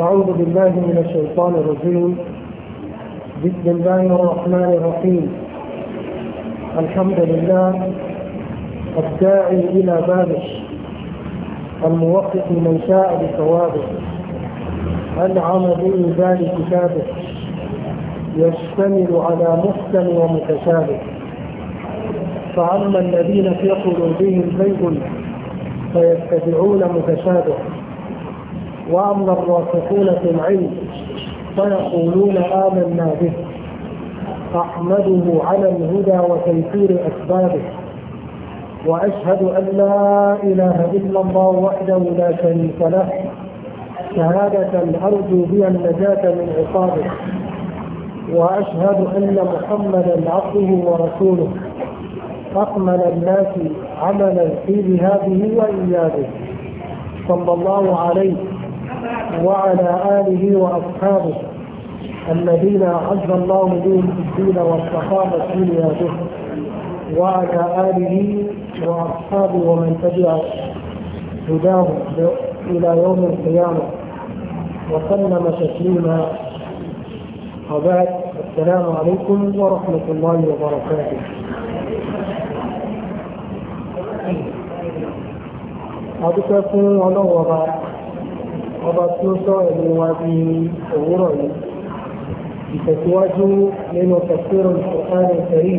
أعوذ بالله من الشيطان الرجيم بسم الله الرحمن الرحيم الحمد لله الداعي إلى بابه الموفق من شاء لثوابه أنعم بإنزال كتابه يشتمل على محسن ومتشابه فأما الذين في قلوبهم زيغ فيتبعون متشابه وأما الراسخون في العلم فيقولون آمنا به أحمده على الهدى وتيسير أسبابه وأشهد أن لا إله إلا الله وحده لا شريك له شهادة أرجو بها النجاة من عقابه وأشهد أن محمدا عبده ورسوله أكمل الناس عملا في ذهابه وإيابه صلى الله عليه وعلى آله وأصحابه الذين أعز الله بهم الدين واستقام الدنيا به وعلى آله وأصحابه ومن تبع هداه إلى يوم القيامة وسلم تسليما وبعد السلام عليكم ورحمة الله وبركاته أدوكم ولو وبعد ọba tí ó sọ ẹ̀mí wa bí òwúrọ̀ yìí ìtẹ̀síwájú nínú tẹ̀síwájú ìfọ̀kánì ìtẹ̀rí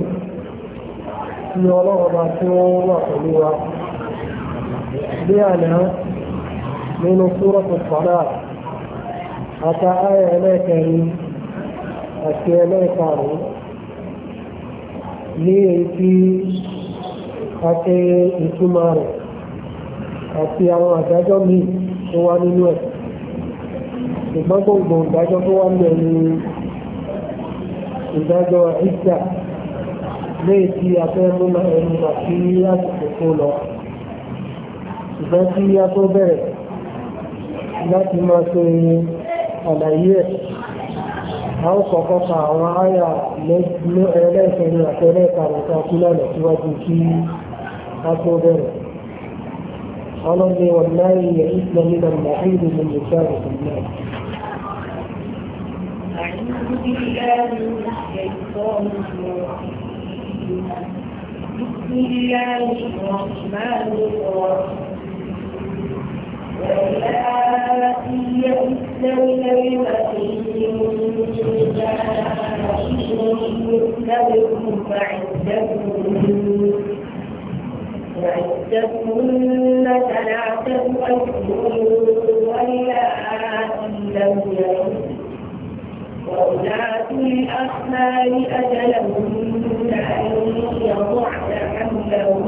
tí ọlọ́run bá tí wọ́n wà pẹ̀lú wa bí àná nínú súrọ̀tù sọ̀dá àta ayẹ ẹlẹ́ẹ̀kẹrin àti ẹlẹ́ẹ̀karùn ní èyí tí a ṣe ìtumọ̀ rẹ̀ àti àwọn àdájọ́ míì tó wá nínú ẹ̀ ṣùgbọ́n gbogbo ìdájọ́ tó wá lẹ̀ ní ìdájọ́ ìjà léè tí a fẹ́ mú ẹnu àti àsìkò tó lọ ṣùgbọ́n tí a tó bẹ̀rẹ̀ láti máa ṣe àlàyé ẹ̀ a ó kọ́kọ́ ka àwọn àyà ẹlẹ́ẹ̀kẹrin àti ẹlẹ́ẹ̀karùn-ún tó kú lọ́nà síwájú kí a tó bẹ̀rẹ̀ ọlọ́ni wọ̀nyí yẹ ìsìlẹ̀ nígbà mọ̀ ẹ́yìn ní ìṣẹ́ àrùn náà أعوذ بالله من الشيطان الرجيم بسم الله الرحمن الرحيم وإلى يستوي الذين كان حقهم يؤتبهم فعدتهم وعدتهن ثلاثة أشهر وإلى أن لم يعد وأولاد الأخبار أجلهن أن يضعن حملهن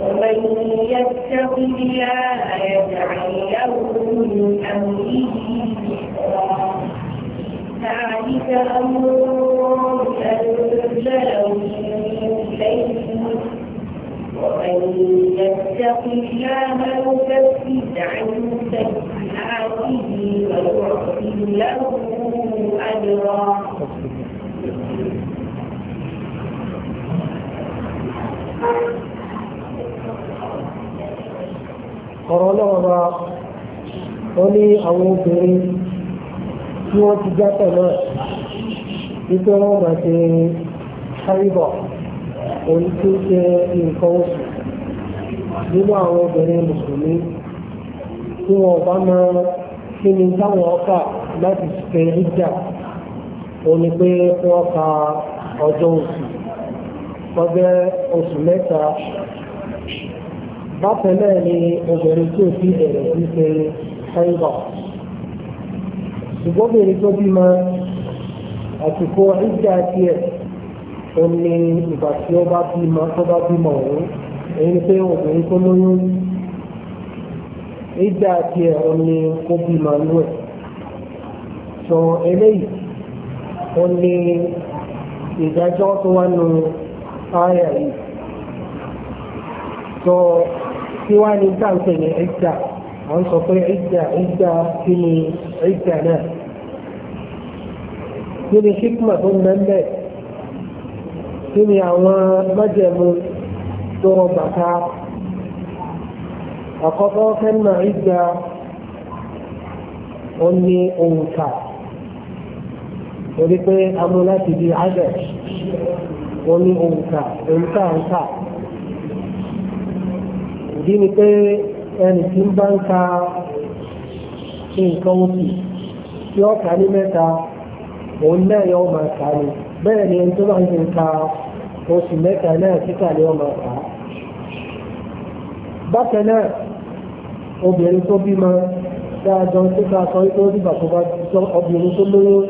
ومن يتق الله يجعل له من أمره يسرا ذلك أمر أنزله إليكم ومن يتق الله يكفر عنه عاقبه ويعطي له أجرا ọ̀rọ̀ náà bá ó ní àwọn obìnrin tí wọ́n ti jápọ̀ náà wípé wọ́n máa ṣe ṣáríbọ̀ òun tí ó ṣe nǹkan oṣù nínú àwọn obìnrin mùsùlùmí tí wọn bá máa kí ni táwọn ọkà láti ṣe ìjà ó ní pé wọ́n ka ọjọ́ oṣù ọjọ́ oṣù mẹ́ta bákan náà ni obìnrin tí ó fi bẹ̀rẹ̀ sí ṣe ṣáìbà ṣùgbọ́n obìnrin tó bímọ àsìkò ìjà tiẹ̀ ó ní ìgbà tí ó bá bímọ tó bá bímọ òun èyí ni pé obìnrin tó lóyún ìdá àti ẹ̀rọ ni ó bí màlúù ẹ̀ sọ eléyìí ó ní ìdájọ́ tó wá nu ààyè yìí sọ kí wá ní dáńtẹ̀ ní ìdá à ń sọ pé ìdá ìdá kí ni ìdá náà kí ni hikma tó ń bẹ́ẹ̀ kí ni àwọn májẹ̀mú tó rọ bàtà. àkọ́kọ́ kẹ́nà ìgbà onye ní òǹkà torí pé amú láti di àgbẹ̀ ó ní òǹkà òǹkà ìdí ni pé ẹnì tí ń bá ń ka nǹkan tí ó ní mẹ́ta òun náà yóò máa ni ẹni tó bá ń ka oṣù mẹ́ta náà ni ó máa bákan obìnrin tó bímọ dáadọ́ tó ká sọ pé ó dìgbà tó bá obìnrin tó lóyún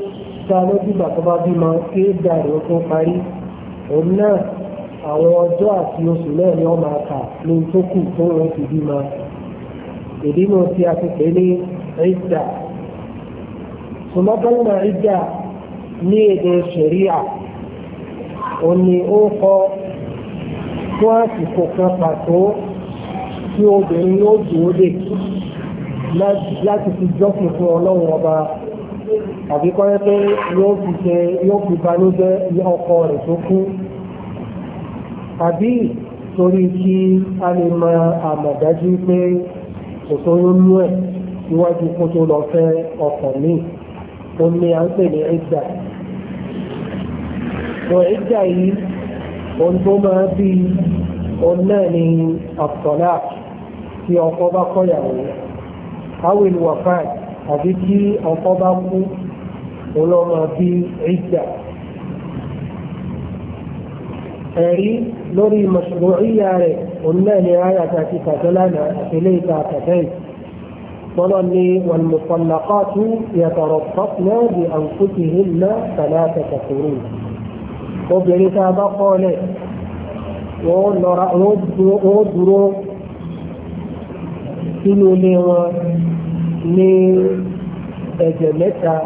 tá ló dìgbà tó bá bímọ kí èdè àrùn tó parí òun náà àwọn ọjọ́ àti oṣù náà ni wọ́n máa kà ní tó kù tó wọ́n ti bímọ èdè náà ti a ti pè ní ìdà ṣùgbọ́n náà ní èdè ṣẹ̀ríà òun ni ó kọ fún àsìkò kan pàtó tí obìnrin yóò dúró dè láti fi jọ́sìn fún ọlọ́run ọba àbí kọ́ pé yóò fi jẹ yóò fi banújẹ́ ọkọ rẹ̀ tó kú àbí torí kí a lè mọ àmọ̀dájú pé kò tó lóyún ẹ̀ níwájú kó tó lọ fẹ́ ọkàn míì ó ní à ń pè ní ẹgbà tó ẹgbà yìí ohun tó máa bí òun náà ni àtọ̀láàkì tí ọkọ bá kọyàwó awil wafat àbí tí ọkọ bá kú ọlọ́mọ bí ìjà ẹ̀rí lórí mashru'iyya rẹ̀ ọ̀nà ni àyà àti kàtàlánà àtẹlẹ́ ìta àtàtẹ́yì wọ́n ní والمطلقات يتربصن بأنفسهن ثلاثة قروء obìnrin tá a bá kọ́ ọ lẹ̀ wọ́n dúró sínú ilé wọn ní ẹ̀jẹ̀ mẹ́ta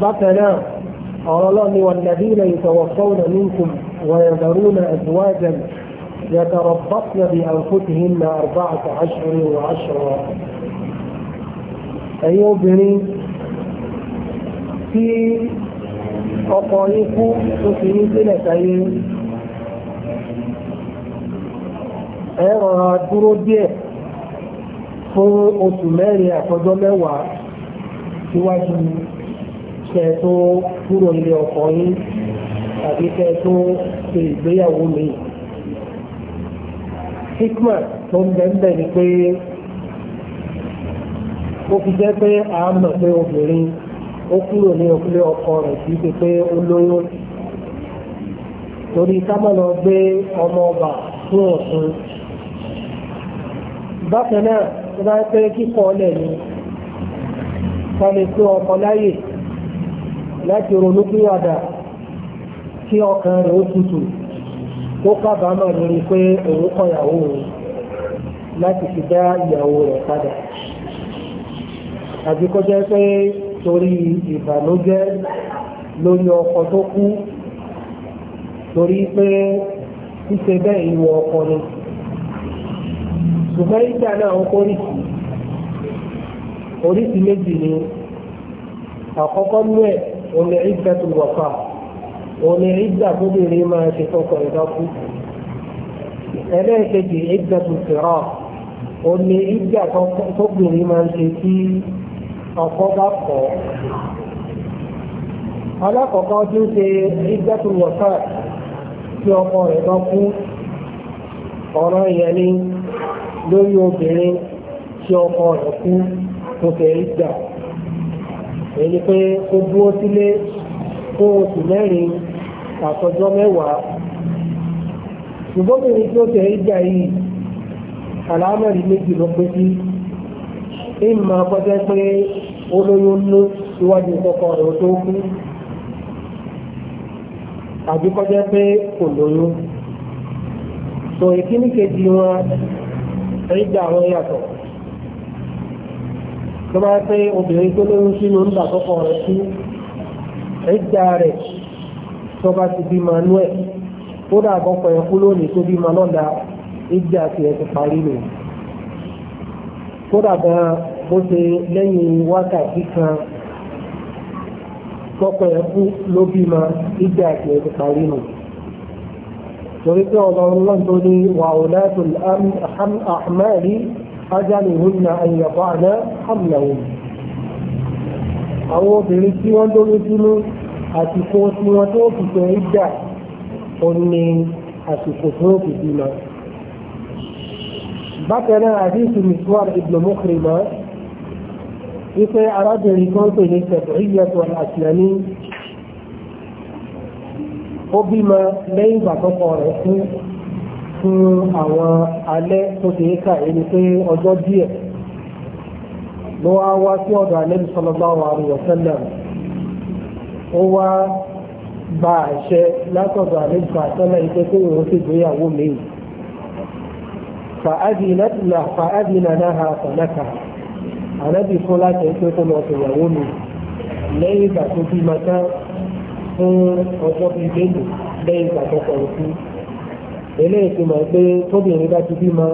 bákan náà ọ̀rọ̀ lọ́ni wọn nàbí ilẹ̀ wọn náà ìtọ̀wọ̀fọ́wọ̀n nínkum ويذرون أزواجا يتربصن بأنفسهن wọn أشهر wọn. ẹ̀yin obìnrin tí ọkọ yín kú tó fi ní sílẹ̀ sáyé ẹ rọra dúró díẹ̀ fún oṣù mẹ́rin àtọjọ́ mẹ́wàá síwájú kẹ́ tó kúrò ilé ọkọ yín tàbí kẹ́ tó ṣe ìgbéyàwó mi. hikma tó ń bẹ ń bẹ ni pé ó fi jẹ́ pé a mọ̀ pé obìnrin ó kúrò ní ilé ọkọ rẹ̀ kì í ṣe pé ó lóyún torí ká má lọ gbé ọmọ ọba fún ọ̀sùn. bákan náà tó bá pẹ́ kíkọ́ ọlẹ̀ ni ká lè pé ọkọ̀ láyè láti ronúkúwàdà kí ọkàn rẹ̀ ó tutù ó kábàámọ̀ lórí pé òun kọ̀yàwó òun láti fi dá ìyàwó rẹ̀ padà àbí kó jẹ́ pé torí ìbànújẹ́ ọkọ tó kú torí pé ṣíṣe bẹ́ẹ̀ ìwọ ọkọ ni. ṣùgbọ́n ìgbà náà ń kó oríṣi oríṣi méjì ni àkọ́kọ́ nú ẹ̀ òní ìgbà tó wà fà òní ìgbà tó bèrè máa ṣe tọkọ ìdákú ẹlẹ́ẹ̀kejì ìgbà tó fẹ́ràn òní ìgbà tó bèrè máa ṣe sí ọkọ bá kọ́ alákọ̀ọ́kọ́ tí ó ṣe ìgbà tó wà fà tí ọkọ rẹ̀ bá kú ọ̀rọ̀ ìyẹn ni lórí obìnrin tí ọkọ rẹ̀ kú tó fẹ́ gbà èyí pé ó dúró sílé fún oṣù mẹ́rin àtọjọ́ mẹ́wàá ṣùgbọ́n obìnrin tí ó fẹ́ gbà yìí àlámọ̀rí méjì ló pé sí ìmọ̀ ọkọ̀jẹ́ pé olóyún ló síwájú kọ́kọ́ rẹ̀ tó kú àbíkọ́jẹ́ pé kò lóyún so ìkíní wọn ẹ̀yìgbà àwọn yàtọ̀ tó bá pé obìnrin tó lóyún sínú ń bà tọkọ rẹ̀ sí ẹ̀yìgbà rẹ̀ tó bá ti bí manuel ó dà bọ́pọ̀ ẹ̀ kú lónìí tó bí manọ́dà ìgbà tí ẹ ti parí nù kódà gan bó ṣe lẹ́yìn wákàtí kan tọ́pọ̀ ẹ̀ kú ló bí ma ìgbà tí ẹ ti parí nù torí الله ọlọ́run وأولاد tó حم wà أجلهن أن ajánuhun حملهم àyànfà náà hàmlàwò àwọn obìnrin tí wọ́n lórí dúró àsìkò tí wọ́n tó fi ṣe ìgbà ó ní àsìkò tó fi bímọ. bákan náà àdéhùn miswar ibn mukhrima wípé arábìnrin kan pè ní sẹ̀tọ̀ ìyẹ̀tọ̀ àṣìyàní ó bímọ lẹ́yìn ìgbà tọ́kọ rẹ̀ fún fún àwọn alẹ́ tó ṣe é kà ẹni pé ọjọ́ díẹ̀ ló wá wá sí ọ̀dọ̀ Ànábì sallallahu alaihi wasallam ó wá gba àṣẹ látọ̀dọ̀ Ànábì àtọ́lá ìpé pé òun sì gbéyàwó mìíràn فأذنت له ha لها فنكها na fún láti ẹgbẹ́ tó lọ ṣèyàwó mi lẹ́yìn ìgbà tó bímọ tán fún ọjọ́ bíi mélòó lẹ́yìn ìgbà tó kọ̀ òkú eléyìí ti mọ̀ pé tóbìnrin bá ti bímọ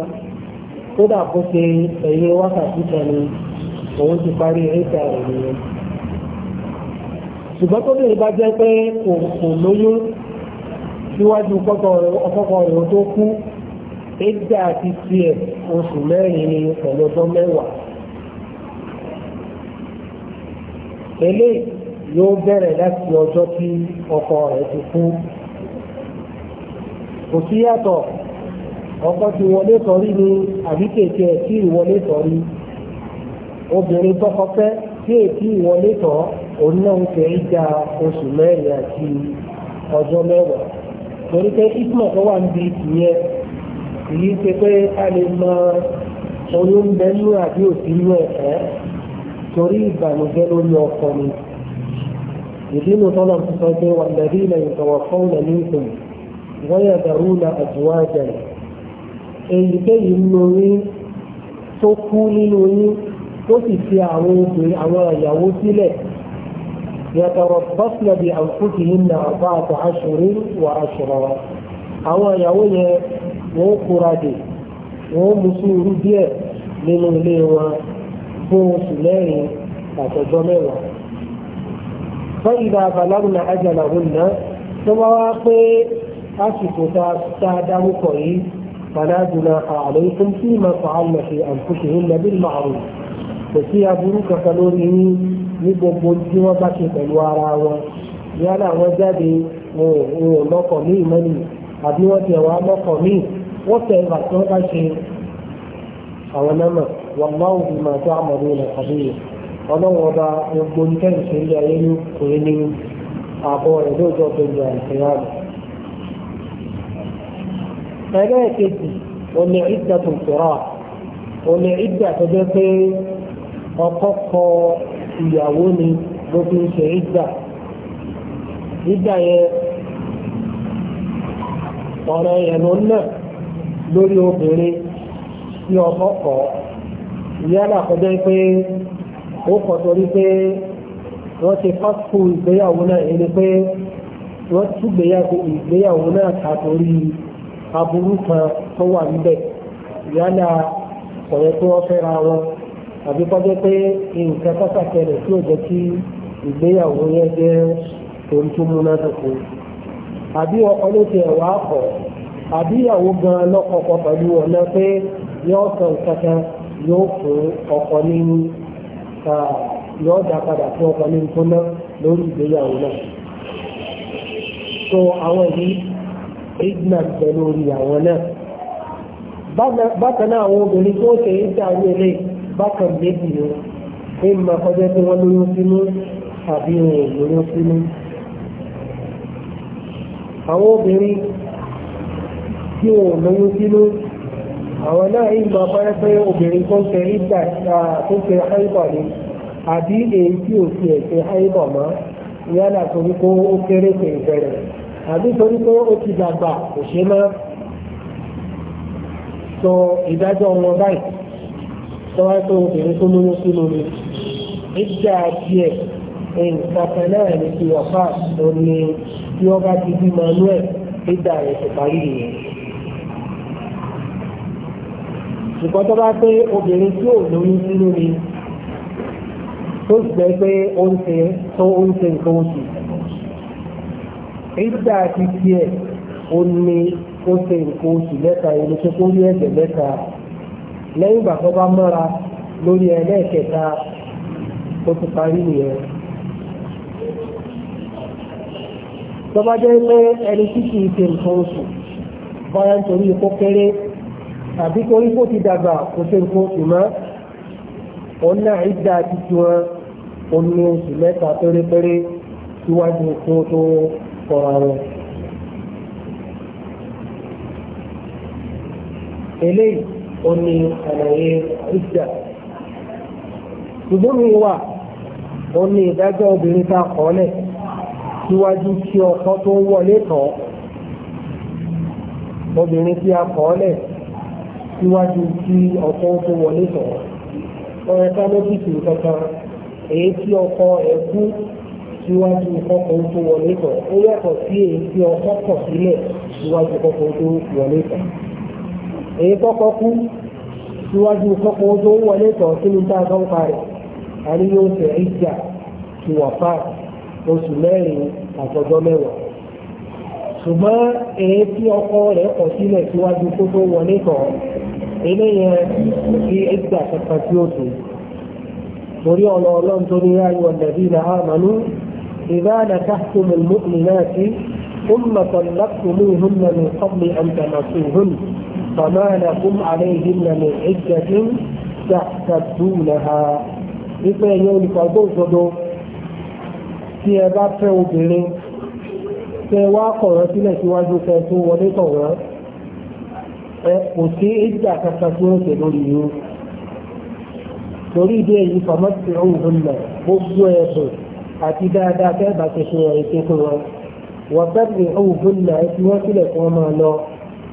kódà kó ṣe ẹ̀yẹ wákàtí kan ni òun ti parí ẹ̀ka rẹ̀ nìyẹn ṣùgbọ́n tóbìnrin bá jẹ́ pé kò lóyún síwájú ọkọ̀kọ̀ rẹ̀ tó kú ẹgbẹ́ àti tiẹ̀ oṣù mẹ́rin ni pẹ̀lú ọjọ́ mẹ́wàá eléyìí yóò bẹ̀rẹ̀ láti ọjọ́ tí ọkọ rẹ̀ ti kú kò sí yàtọ̀ ọkọ ti wọlé sọrí ni àbí kèké tí ìwọlé sọrí obìnrin tọkọ fẹ́ tí èkí ìwọlé tọ̀ òun náà ń fẹ́ ìjà oṣù mẹ́rin àti ọjọ́ mẹ́wàá torí pé ìtumọ̀ tó wà níbi ìyẹn kìí ṣe pé a lè mọ oyún bẹ́ẹ̀ nínú àbí òsínú ẹ̀fẹ́ torí ìbànújẹ́ lórí ọkọ mi ìdínú tọ́lọ̀ ti sọ pé wà lẹ́rí ilẹ̀ ìtọ̀wọ̀fọ́n lẹ̀ nìkan wọ́yà dàrú na àjùwájà èyíkéyìí nínú yín tó kú nínú yín tó sì fi àwọn obìnrin àwọn ìyàwó sílẹ̀ yàtọ̀rọ̀ bọ́sùlẹ̀ bí yìí na àbá àtọ̀ aṣòrí wà aṣọ̀rọ̀ wa àwọn ìyàwó yẹn wọ́n kóra dè wọ́n mú sùúrù díẹ̀ nínú ilé wọn fún oṣù mẹ́rin àtọ̀jọ́ mẹ́wàá. فإذا بلغن أجلهن ثم واقي أشكو تادم كوي فلا جناح عليكم فيما فعلن في أنفسهن بالمعروف وفي أبوك كالوني نبوبون سوى بكي بالوارا yálà wọn jáde wọn ò lọkọ ní ìmọ̀lì àbí wọn ti wà lọkọ ní wọn tẹ ìgbà tí wọn bá ṣe àwọn náà wọn máa ń bí màá tó àmọ́ ní ilẹ̀ àbí yẹn ọlọ́run ọba gbogbo ní kẹ́ǹsì ilé ayé ní kò ní àbọ̀ rẹ̀ lóòjọ́ tó gba ìfẹ́yà rẹ̀. ẹgbẹ́ kejì ó ní ìdá tó tọ́ra ó ní ìdá tó jẹ́ pé ọkọ kọ ìyàwó ni ló fi ń ṣe ìdá ìdá yẹn ọ̀rọ̀ ẹ̀rọ náà lórí obìnrin tí ọkọ yálà kọjá pé ó kọ torí pé wọ́n ti fásitì ìgbéyàwó náà ẹni pé wọ́n túgbéyàwó ìgbéyàwó náà kà torí aburú kan tó wà níbẹ̀ yálà ọ̀rẹ́ tó wọ́n fẹ́ra wọn àbí kọjá pé nǹkan pátákì rẹ̀ tí ò jẹ́ kí ìgbéyàwó yẹn jẹ́ ohun àbí ọkọ ló ti ẹ̀wà kọ̀ àbí ìyàwó gan lọ́kọ̀ọ̀kọ̀ pẹ̀lú ọ̀nà pé sọ yóò fún ọkọ nínú. yọ̀ọ́ dá padà fún ọkọ ní ìtọ́nà lórí ìgbéyàwó náà. so àwọn yìí ignan bẹ lórí àwọn náà. bákan náà àwọn obìnrin tó ṣe ń dá ní ilé bákan méjì ni ń máa kọjá pé wọ́n lóyún sínú tàbí wọn ò lóyún sínú. àwọn obìnrin tí wọn lóyún sínú àwọn náà yìí máa fẹ́ pé obìnrin tó ń ṣe ìgbà tó ń ṣe àìbọ̀ ni àbí èyí tí ò ti ẹ̀ṣẹ̀ àìbọ̀ mọ́ yálà torí pé ó kéré pé ìbẹ̀rẹ̀ àbí torí pé ó ti dàgbà kò ṣe mọ́ sọ ìdájọ́ wọn báyìí sọ wáyé pé obìnrin tó lóyún sínú ni ìgbà díẹ̀ nǹkan kan náà ní ti wà fáà òní tí wọ́n bá ti bí manuel ìgbà rẹ̀ ti parí nìyẹn nǹkan tó bá pé obìnrin tí ò lóyún nínú ni tó sì jẹ́ pé ó ń ṣe tó ń ṣe nǹkan oṣù ìdá àti tiẹ̀ ó ní ó ṣe nǹkan oṣù mẹ́ta ìlú tó kó rí ẹ̀jẹ̀ mẹ́ta lẹ́yìn ìgbà tó bá mọ́ra lórí ẹlẹ́ẹ̀kẹta ó ti parí nìyẹn. tó bá jẹ́ pé ẹni tí kì í ṣe nǹkan oṣù bọ́yá nítorí kó kéré àbí torí kó ti dàgbà kò ṣe nǹkan oṣù mọ́ òun náà ìdá títí wọn òun ní oṣù mẹ́ta pérépéré síwájú kó tó kọra wọn. eléyìí ó ní àlàyé ìjà ṣùgbọ́n mi wà ó ní ìdájọ́ obìnrin ta kọ́lẹ̀ síwájú kí ọkọ tó wọlé tán obìnrin tí a kọ́lẹ̀ síwájú kí ọkọ̀ tó wọlé sọ̀rọ̀ ọ̀rẹ́ ká lọ́fíìsì kankan èyí tí ọkọ̀ ẹ̀ síwájú ọkọ̀ tó wọlé sọ̀ ó yàtọ̀ sí èyí tí ọkọ̀ kọ̀ sílẹ̀ síwájú ọkọ̀ tó wọlé sọ̀ èyí kọ́kọ́ kú síwájú ọkọ̀ tó wọlé sọ̀ kí ni tá a sọ́n parẹ̀ àní yóò tẹ̀ ìjà tí wà fà oṣù mẹ́rin àtọ́jọ́ mẹ́wàá ṣùgbọ́n èyí tí ọkọ rẹ̀ kọ̀ sílẹ̀ síwájú kó tó wọlé kọ̀ eléyẹn kí ẹgbà kankan tí ó tó torí ọ̀nà ọlọ́run tó ní ayé ọ̀dẹ̀bí na àmàlú ìbáàdà káàkiri mọ̀lúmọ̀lú náà sí kẹ wá kọ̀rọ̀ sílẹ̀ síwájú kẹ tó wọlé tọ̀wọ́ ẹ kò sí ìjà kankan tí ó ṣe lórí yìí torí ìdí èyí fàmọ́sí òun lọ gbogbo ẹ̀bùn àti dáadáa fẹ́ bá ṣe fún ẹ̀ṣẹ́ fún wọn wọ́n bẹ́ẹ̀ òun lọ ẹ fi wọ́n sílẹ̀ fún ọmọ lọ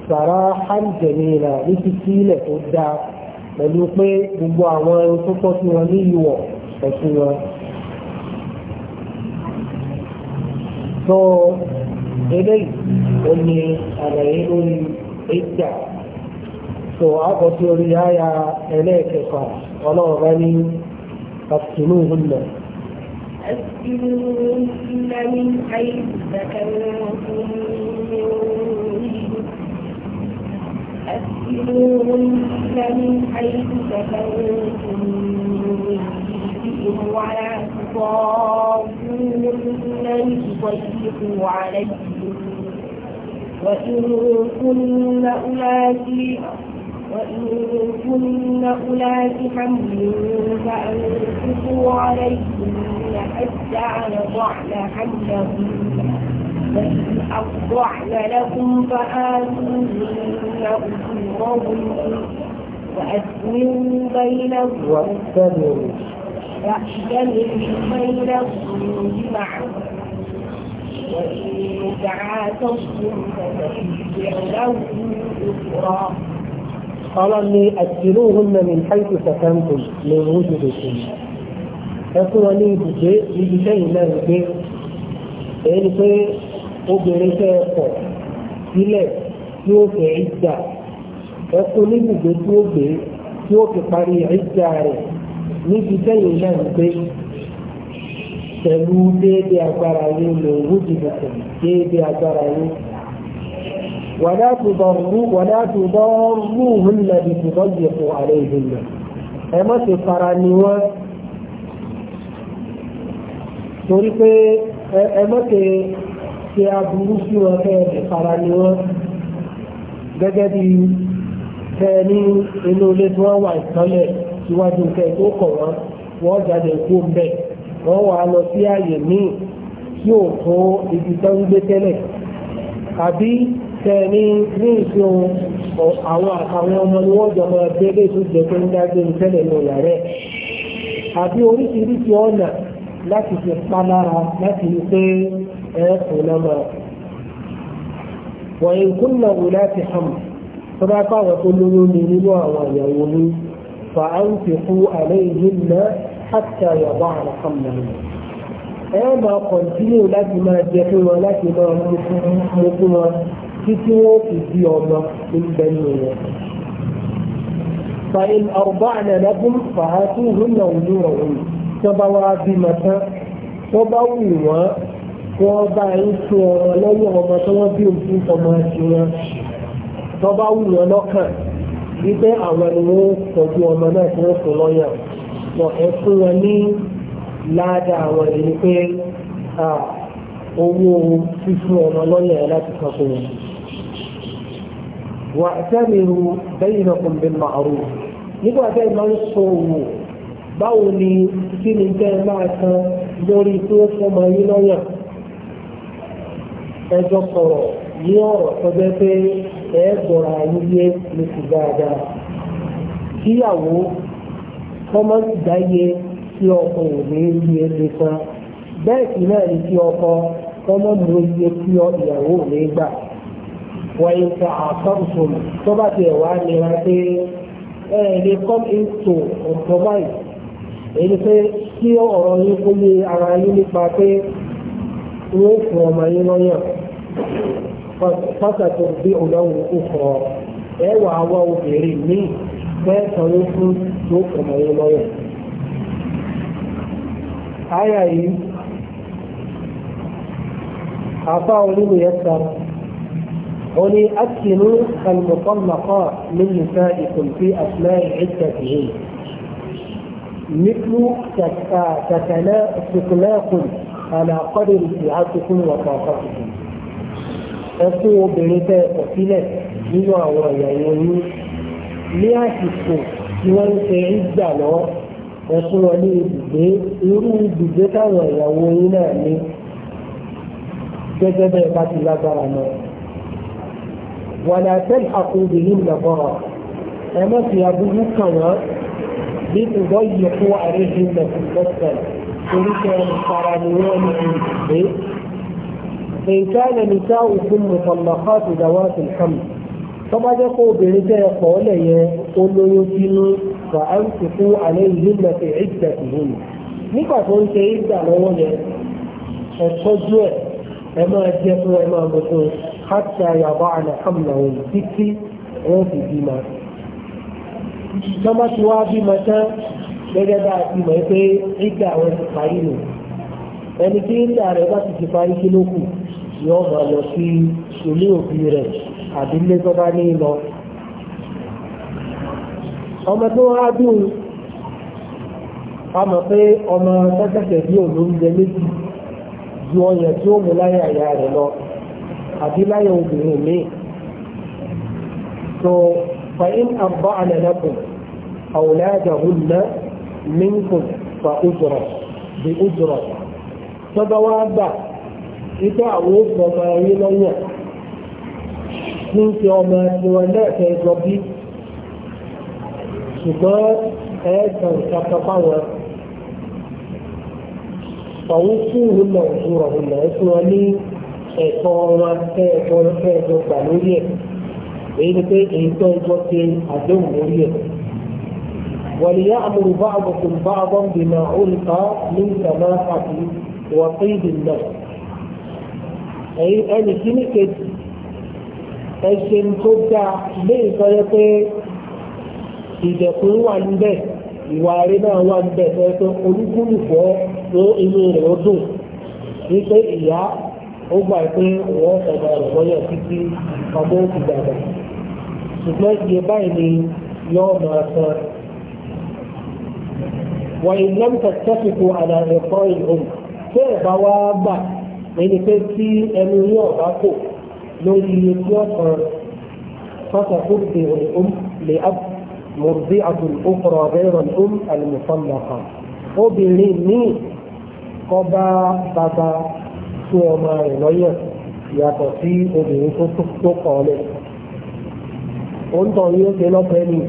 sàrà hàǹjẹ̀mìnà ní ti sílẹ̀ tó dáa pẹ̀lú pé gbogbo àwọn ẹran tó pọ̀ sí wọn ní ìwọ̀ ẹ̀sìn wọn eléyìí ó ní àlàyé lórí ìjà tó àkọsí orí àyà ẹlẹ́ẹ̀kẹfà ọlọ́ọ̀rẹ́ ní fàtìmúhùnà. أسكنوهن من حيث سكنتم من أسكنوهن ولا ضالين يضيقوا عليهم وإن كن أولاد وإن كن أولاد حمل فأنفقوا عليهن حتى يضعن حملهن فإن أرضعن لكم فآتوهن أجورهن وأسلموا بينهم واتبعوا يحتمل بين الصمد معه وإن تعاطفتم فتشجع له أخرى قال أني أدخلوهن من حيث سكنتم من وجدكم ẹkún wọn ní ibùgbé ibi lẹ́yìn náà ń gbé èyí ni pé obìnrin fẹ́ ẹ̀kọ́ sílẹ̀ tí ó fẹ́ ìjà ẹkún ní ibùgbé tí ó gbé tí ó fi parí ìjà rẹ̀ níbi tẹ́yìn náà ń gbé pẹ̀lú déédéé agbára yín lè wúdi bùkún déédéé agbára yín. ولا تضروا ولا تضروهن لتضيقوا عليهن ẹ má ṣe fara ni wọ́n torí pé ẹ má ṣe ṣe aburú sí wọn kẹ́ ẹ lè fara ni wọ́n gẹ́gẹ́ bí kẹ́ ẹ inú ilé tí wọ́n wà ìtọ́lẹ̀ síwájú kẹ́ tó kọ̀ wọ́n wọ́n jáde kú mbẹ́ wọ́n wà lọ sí ààyè míì tí ò tó ibi tó ń gbé tẹ́lẹ̀ àbí tẹ̀lé ní ìṣòro àwọn àtàwọn ọmọ ni wọ́n jọ máa gbélé tó jẹ pé ń dájú ní tẹ́lẹ̀ lọ yàrá àbí oríṣiríṣi ọ̀nà láti fi palára láti rí pé ẹ kò náà máa wọ̀nyí kúnnà wò láti hàn tó bá pàwọn tó lóyún ní nínú àwọn àyàwó ní. فأنفقوا عليهن حتى يضعن حملهن ẹ máa kọ̀ntínú láti máa jẹ fún wọn láti máa mú fún wọn títí wọn fi di ọmọ nígbà nínú wọn. فإن أرضعن لكم فآتوهن أجورهن tó bá wá bímọ tán tó bá wù wọ́n wọ́n bá ń sun ọ̀rọ̀ lẹ́yìn ọmọ tó wọ́n bí òfin ọmọ tiwọn tó bá wù wọ́n lọ́kàn. wípé àwọn ẹni wọn tọ́jú ọmọ náà tí wọ́n fún lọ́yà wọn ẹ fún wọn ní ládàá àwọn ẹni pé owó fífún ọmọ lọ́yà ẹ láti wọn. wà á bẹ́yìn nígbà tẹ́ ẹ máa ń sọ òwò báwo ni kí ni tẹ́ ẹ máa lórí fún ọmọ yín lọ́yà ẹjọ́ sọ̀rọ̀. ní ọ̀rọ̀ tó jẹ́ pé ẹ gbọ́ra ẹni yé ní ti dáadáa kíyàwó kọ́mọ́ sì dáyé tí ọkọ ò ní yé nìkan bẹ́ẹ̀ sì náà ni kí ọkọ kọ́mọ́ mú iye tí ìyàwó ò ní gbà wọ́n yìí ta àkọ́sùn tó bá tiẹ̀ wá nira pé ẹ lè come into compromise èyí pé kí ọ̀rọ̀ yín kó yé ara yín nípa pé wọ́n fún ọmọ yín lọ́yàn. فستطبع له أخرى أو عواو بيريني فاتا يخل سوق ما يلايا اي آية عطاء لي يسر قولي أكلوا المطلقات من نسائكم في أسماء عدتهن مثل تتلاقوا على قدر سعتكم وطاقتكم ẹ fún obìnrin tẹ ọ̀sílẹ̀ nínú àwọn ìyàwó yín ní àsìkò tí wọ́n ń ṣe ìgbà lọ ẹ fún wọn ní ibùgbé irú ibùgbé táwọn ìyàwó yín náà ní gẹ́gẹ́ bẹ́ẹ̀ bá ti lágbára lọ. wàlá tẹ́lẹ̀ àkóbì yìí nàbọ̀rọ̀ ẹ má fi aburú kàn wọ́n bí ìgbọ́ yìí kó àrídìí nàbọ̀rọ̀ torí kẹ́ fara ni wọ́n ní ibùgbé. فإن كان نساؤكم مطلقات ذوات الحمل طبعا يقول بنتا يقول يا قل يتن فأنفقوا عليهن في عدتهن nígbà tó ń ṣe ìgbà lọ́wọ́ yẹn ẹ̀tọ́jú ẹ̀ ẹ máa jẹ fún ẹ máa mú fún káàkiri àyàbá àlàkàmùlà òun títí wọ́n fi bímọ. tọ́mọ́ ti wá bímọ tán a ti yóò máa lọ sí ilé òbí rẹ̀ àbí ilé tó bá ní lọ. ọmọ tó wá dùn ọmọ pé ọmọ tẹ́tẹ̀tẹ̀ bí olóúnjẹ méjì ju ọyàn tí ó mú láyé àyà rẹ̀ lọ àbí láyé obìnrin míì. so fa'in àbọ̀ àlẹ́ lẹ́kùn أولادهن منكم فأجرة بأجرة فبوابة ikú àwọn oṣù ọmọ ayé lọ́yàn ní ń ṣe ọmọ tiwọn náà fẹ́ jọ bí ṣùgbọ́n ẹ̀ẹ́dàn kankan fáwọn ọ̀hún fún òun náà òṣùwọ̀n òun náà fún wọn ní ẹ̀kọ́ wọn ẹ̀kọ́ fẹ́ gbà lórí ẹ̀ èyí ni pé èyí tó ẹjọ́ ṣe àdéhùn lórí ẹ̀. وليأمر بعضكم بعضا بما علق من سماحة وقيد النفس ẹni kíní kejì ẹṣẹ tó dáa léyìí tó yẹ pé ìdẹ̀kùn wà níbẹ̀ ìwà rẹ̀ náà wà níbẹ̀ tó yẹ pé olúkúlùkọ́ ló inú rẹ̀ ó dùn ní ìyá ó gbà pé wọ́n ọ̀gá rẹ̀ lọ́yọ̀ títí ọmọ òkú dàgbà ṣùgbọ́n iye báyìí ni yóò máa san. wọ́n ìlànà tẹ̀síkù àdàrẹ̀ fọ́ tẹ́ ẹ̀ bá wá gbà ẹni pé tí ẹnu yóò ọ̀bá kò lórí iye tí ọ̀kan fọ́sọ̀ fún ìrìn òun um, lè ápù mùrùdí àtùn òkùrọ̀ rẹ̀rọ̀ òun um, àlùmùsọ̀lọ̀kà obìnrin míì kọ́ bá bàbá tó ọmọ rẹ̀ lọ́yẹ̀ yàtọ̀ sí obìnrin tó kọ̀ ọ́ lẹ̀ yóò ṣe lọ́fẹ̀ẹ́ ni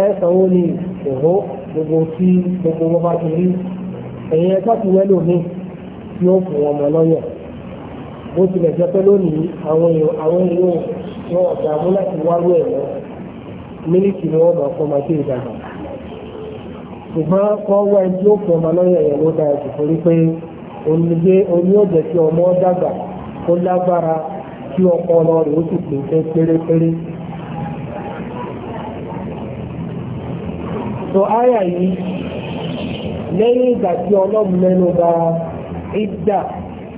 ẹ sanwó ni ìhó gbogbo tí gbogbo wọn bá ti rí ẹ̀yìn ti wẹ́lò míì tí ó fún ọmọ lọ́yọ̀ bó tilẹ̀ jẹ́ pé lónìí àwọn èèyàn àwọn èèyàn wọn ọ̀dà mú láti wárú ẹ̀ lọ mílíkì ni wọ́n máa fọ́ máa dé ìdàgbà ṣùgbọ́n kọ́ wá ẹni tí ó fún ọmọ lọ́yọ̀ yẹn ló dáa jù torí pé onígbé oní òjẹ̀ tí ọmọ dàgbà kó lágbára kí ọpọlọ rẹ̀ ó sì pè é pérépéré. so aya yìí lẹ́yìn ìgbà tí ọlọ́run mẹ́nu bá ìdá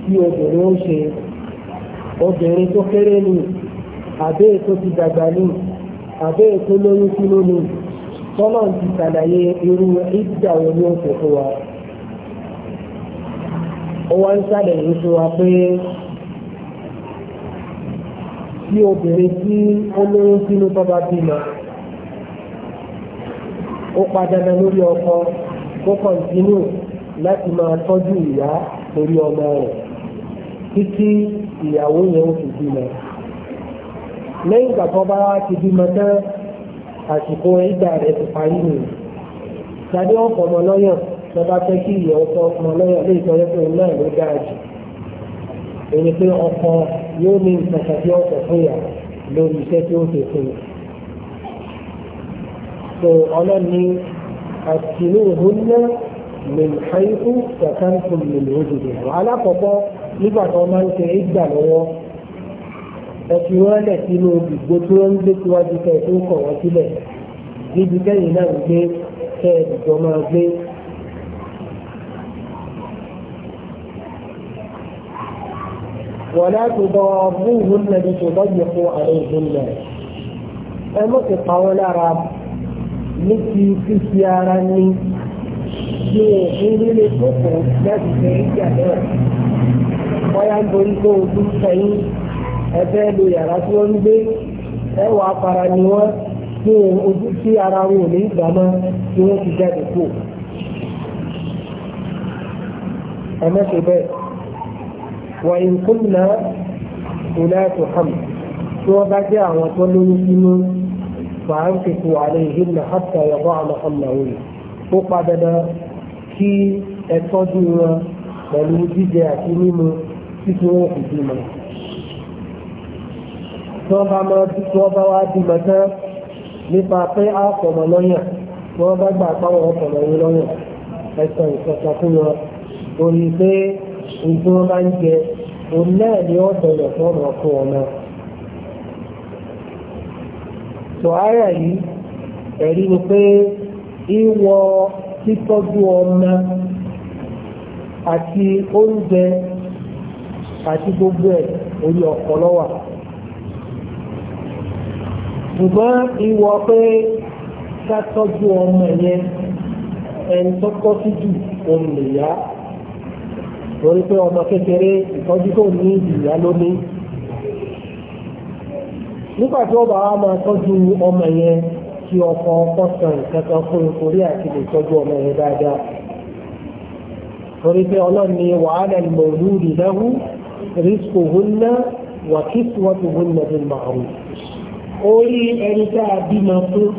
tí obìnrin o ṣe obìnrin tó kéré ni àbẹ́ tó ti dàgbà ni àbẹ́ lori lóyún sínú ni tọ́lọ̀ ti ṣàlàyé irú ìdá wo ni ó ṣe fún wa. ó wá ń ṣàlàyé fún wa pé tí obìnrin tí ó lóyún sínú tó bá bímọ ó padà lórí ọkọ kó kọ̀ǹtínú láti máa tọ́jú ìyá. torí ọmọ rẹ̀ títí ìyàwó yẹn ó fi bímọ. lẹ́yìn ìgbà tó bá ti bímọ tán àsìkò ìgbà rẹ̀ ti parí nù. Tàbí ọ̀pọ̀ ọmọ lọ́yàn tó bá fẹ́ kí ìyàwó sọ ọmọ lọ́yàn lè sọ wípé òun náà ló dáa jù. Èyí pé ọkọ yóò ní ìtàkà tí ọ̀pọ̀ fún ìyà lórí iṣẹ́ tí ó ṣe fún un. So ọlọ́ni àtìlú ìhónú náà من حيث سكنتم من وجدها وعلى قطع nígbà tó máa ń ṣe ìgbà lọ́wọ́ ẹ fi wọ́n lẹ̀ sínú ìgbó tí wọ́n ń gbé síwájú kẹ́ ẹ tó ń kọ̀ wọ́n sílẹ̀ níbi kẹ́yìn náà ń gbé kẹ́ ẹ dìjọ́ máa gbé. wọ́n láti bọ́ bú ìhun lẹ́bi tó lọ́yẹ̀ fún ààrẹ ìhun lẹ̀. ẹ mọ̀ sí pa wọ́n lára ní ti fífi ara ní ní òfin líle jókòó láti ṣe ìjà náà bóyá ń borí pé ojú sẹ́yìn ẹgbẹ́ lo yàrá tí wọ́n ń gbé ẹwà apara ni wọ́n ní ojú sí ara wọn ò ní gbà mọ́ tí wọ́n ti jáde kú. ẹ̀mẹ́sẹ̀ bẹ́ẹ̀ wà ìkúnnà ìlẹ́ẹ̀tù hàmù tí wọ́n bá jẹ́ àwọn tó lóyún sínú fàáǹkì kù àlẹ́ ìhìnnà hàtà yàgbọ́ àlọ́ ọ̀nà òun ó padà dáa kí ẹ tọ́jú wọn pẹ̀lú jíjẹ àti mímu títí wọn fi bímọ. tí wọ́n bá máa tí wọ́n bá wá bímọ tán nípa pé á pọ̀mọ̀ lọ́yàn tí wọ́n bá gbà páwọn ọ̀pọ̀lọ̀ yín lọ́yàn ẹ̀sọ̀ ìsọ̀tà fún wọn torí pé nǹkan wọn bá ń jẹ òun náà ni wọ́n sọ̀rọ̀ fún ọ̀rọ̀ fún ọ náà. sọ yìí ẹ̀rí ni pé ìwọ títọ́jú ọmọ àti oúnjẹ àti gbogbo ẹ̀ orí ọkọ lọ́wà. ṣùgbọ́n ìwọ pé ká tọ́jú ọmọ yẹn ẹni tó kọ́ sí jù òun lè yá lórí pé ọmọ kékeré ìtọ́jú tó ní ìyá lónìí. nígbà tí ó bá wá máa tọ́jú ọmọ yẹn kí ọkọ ọkọ san nǹkan kan fún un torí àti lè tọ́jú ọmọ rẹ̀ dáadáa. torí pé ọlọ́run ni wàhálà mọ̀lúùdì lẹ́hu rísíkò húnná wà kí wọ́n húnná bí màrún. orí ẹni tá a bímọ fún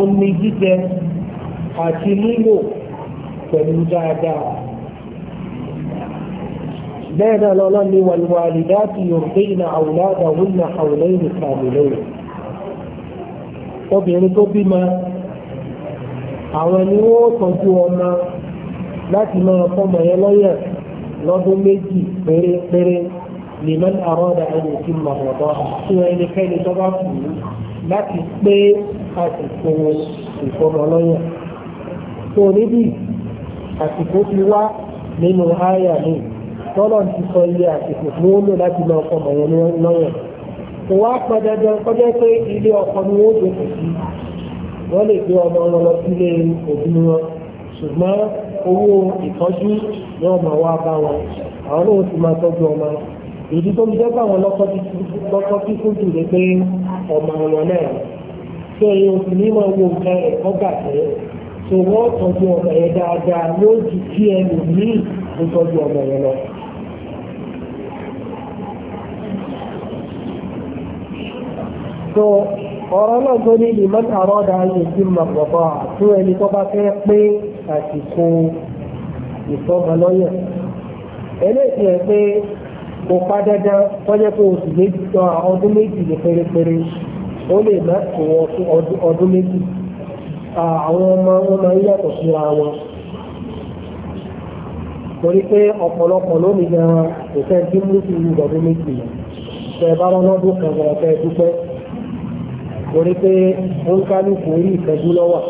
omi jíjẹ àti lílò pẹ̀lú dáadáa. بين لولان والوالدات يرضين أولادهن حولين كاملين obìnrin tó bímọ àwọn ni wọ́n tọ́jú ọmọ láti máa fọmọ yẹn lọ́yẹ̀ lọ́dún méjì pérépéré lèmọ́n àrọ́dà ẹni tí mo mọ̀ bọ́ fún ẹnikẹ́ni tó bá kù láti pé àsìkò ìfọmọ lọ́yẹ̀. tó níbi àsìkò ti wá nínú àyà mi tọ́lọ̀ ti sọ iye àsìkò tí wọ́n lò láti máa fọmọ yẹn lọ́yẹ̀. kò wá padà jẹ kọjá pé ilé ọkọ ni wọ́n jẹ kùsì wọ́n lè gbé ọmọ wọn lọ sílé òbí wọn ṣùgbọ́n owó ìtọ́jú ni máa wá bá wọn àwọn náà ti máa tọ́jú ọmọ ìdí tó ń jẹ́ báwọn lọ́kọ́ kíkún jù lé pé ọmọ wọn náà wo nǹkan ẹ̀kọ́ wọ́n tọ́jú ọmọ yẹn dáadáa kí ọmọ yẹn so ọ̀rọ̀ náà tó ní ìmọ̀ àrọ́dà ayé tí mo bọ̀bọ̀ fún ẹni tó bá fẹ́ pé àsìkò ìfọmọlọ́yẹ̀ eléyìí ẹ pé kò pa dandan kọjá pé oṣù méjì tọ ọdún méjì ní pérépéré ó lè má tó ọdún méjì àwọn ọmọ wọn máa ń yàtọ̀ síra wọn torí pé ọ̀pọ̀lọpọ̀ lónìí gan kò fẹ́ bí mú sí ọdún méjì lọ tẹ bá kan gbọ́dọ̀ fẹ́ dúpẹ́ torí pé ó ń kálukú orí ìtẹ́jú lọ́wọ́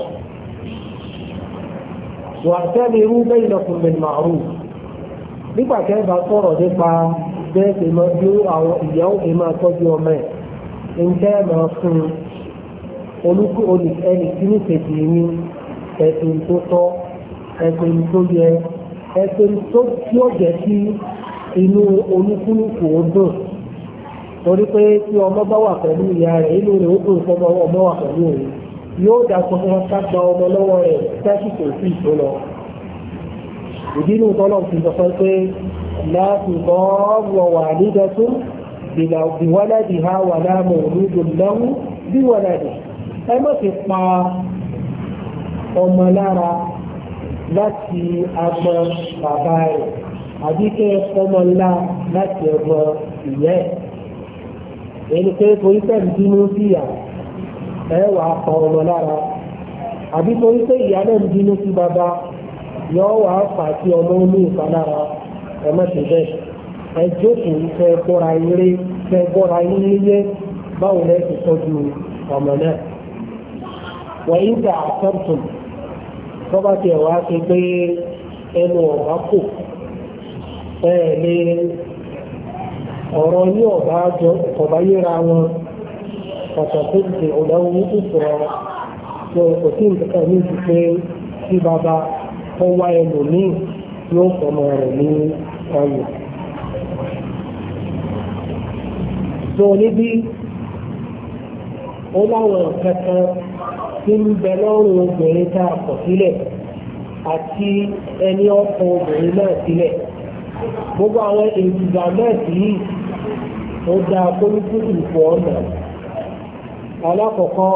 wà sẹ́ni irú bẹ́ẹ̀ lọ́kùnrin màrú nígbà tẹ́ bá sọ̀rọ̀ nípa bẹ́ẹ̀ ṣe máa bí àwọn ìyàwó ṣe máa tọ́jú ọmọ ẹ̀ ǹjẹ́ máa fún torí pé tí ọmọ bá wà pẹ̀lú ìyá rẹ̀ inú rẹ̀ ó kúrò fọmọ ọmọ wà pẹ̀lú òun yóò dá sọ fún wọn ká gba ọmọ lọ́wọ́ rẹ̀ sẹ́kì kò sí ìtò lọ. ìdí inú tọ́lọ̀ ti sọ pé láti bọ́ wà nídẹ́tú ìwọ́lẹ́dì ha wà láàmú olúdo lẹ́wù bí wọ́lẹ́dì ẹ má ti pa ọmọ lára láti agbọn bàbá rẹ̀ àbí kẹ́ ọmọ ńlá láti ẹ̀gbọ́n ìyá ẹ̀. ẹni pé torí pé bínú sí ìyá ẹ wà pa ọmọ lára àbí torí pé ìyá náà bínú sí bàbá yọ wà fà sí ọmọ ní ìpalára ẹ má ṣe nye ẹ jókòó fẹ́ gbọ́ra ilé fẹ́ gbọ́ra ilé ti tọ́jú ọmọ náà wọ́n ọ̀rọ̀ ní ọ̀bá jọ ọ̀bá yẹra wọn pàtàkì ti ọ̀dáwó ní tó kò sí ní ti pé tí bàbá tó wá ẹlòmíì yóò fọmọ rẹ̀ ní ọyọ̀. tó níbi ó láwọn tí ń bẹ lọ́rùn obìnrin tá a kọ̀ sílẹ̀ àti ẹni ọkọ̀ obìnrin náà sílẹ̀ gbogbo àwọn èdè ìgbà mẹ́ẹ̀sì yìí ó dá kólúkúlù ìfọ̀ ọ̀nà alákọ̀ọ́kọ́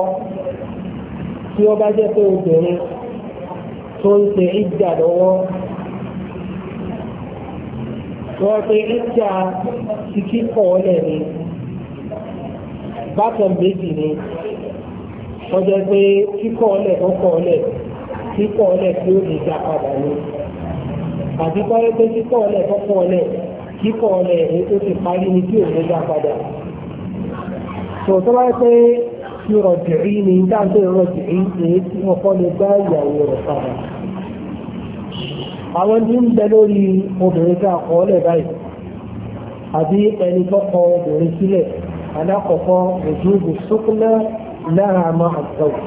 tí ó bá jẹ́ pé obìnrin tó ń ṣe ìjà lọ́wọ́ wọ́n pe ìjà ti kíkọ̀ ọ̀lẹ̀ ni bákan méjì ni wọ́n jẹ́ pé kíkọ̀ ọ̀lẹ̀ tó kọ̀ ọ̀lẹ̀ kíkọ̀ ọ̀lẹ̀ tí ó lè dá padà ni àbíkọ́ pé kíkọ̀ ọ̀lẹ̀ tó kọ̀ ọ̀lẹ̀ kíkọ́ ọ̀rẹ́ èyí tó ti parí ní tí òun dá padà. Sọ tó bá pé ni dáńtó rọ̀jìrí èyí tí wọ́n kọ́ lè bá ìyàwó rẹ̀ padà. Àwọn tí ń bẹ lórí obìnrin tá a kọ́ lẹ̀ báyìí àbí ẹni tó kọ obìnrin sílẹ̀ alákọ̀ọ́kọ́ òjúbù sókúnlẹ̀ lára máa àgbàwò.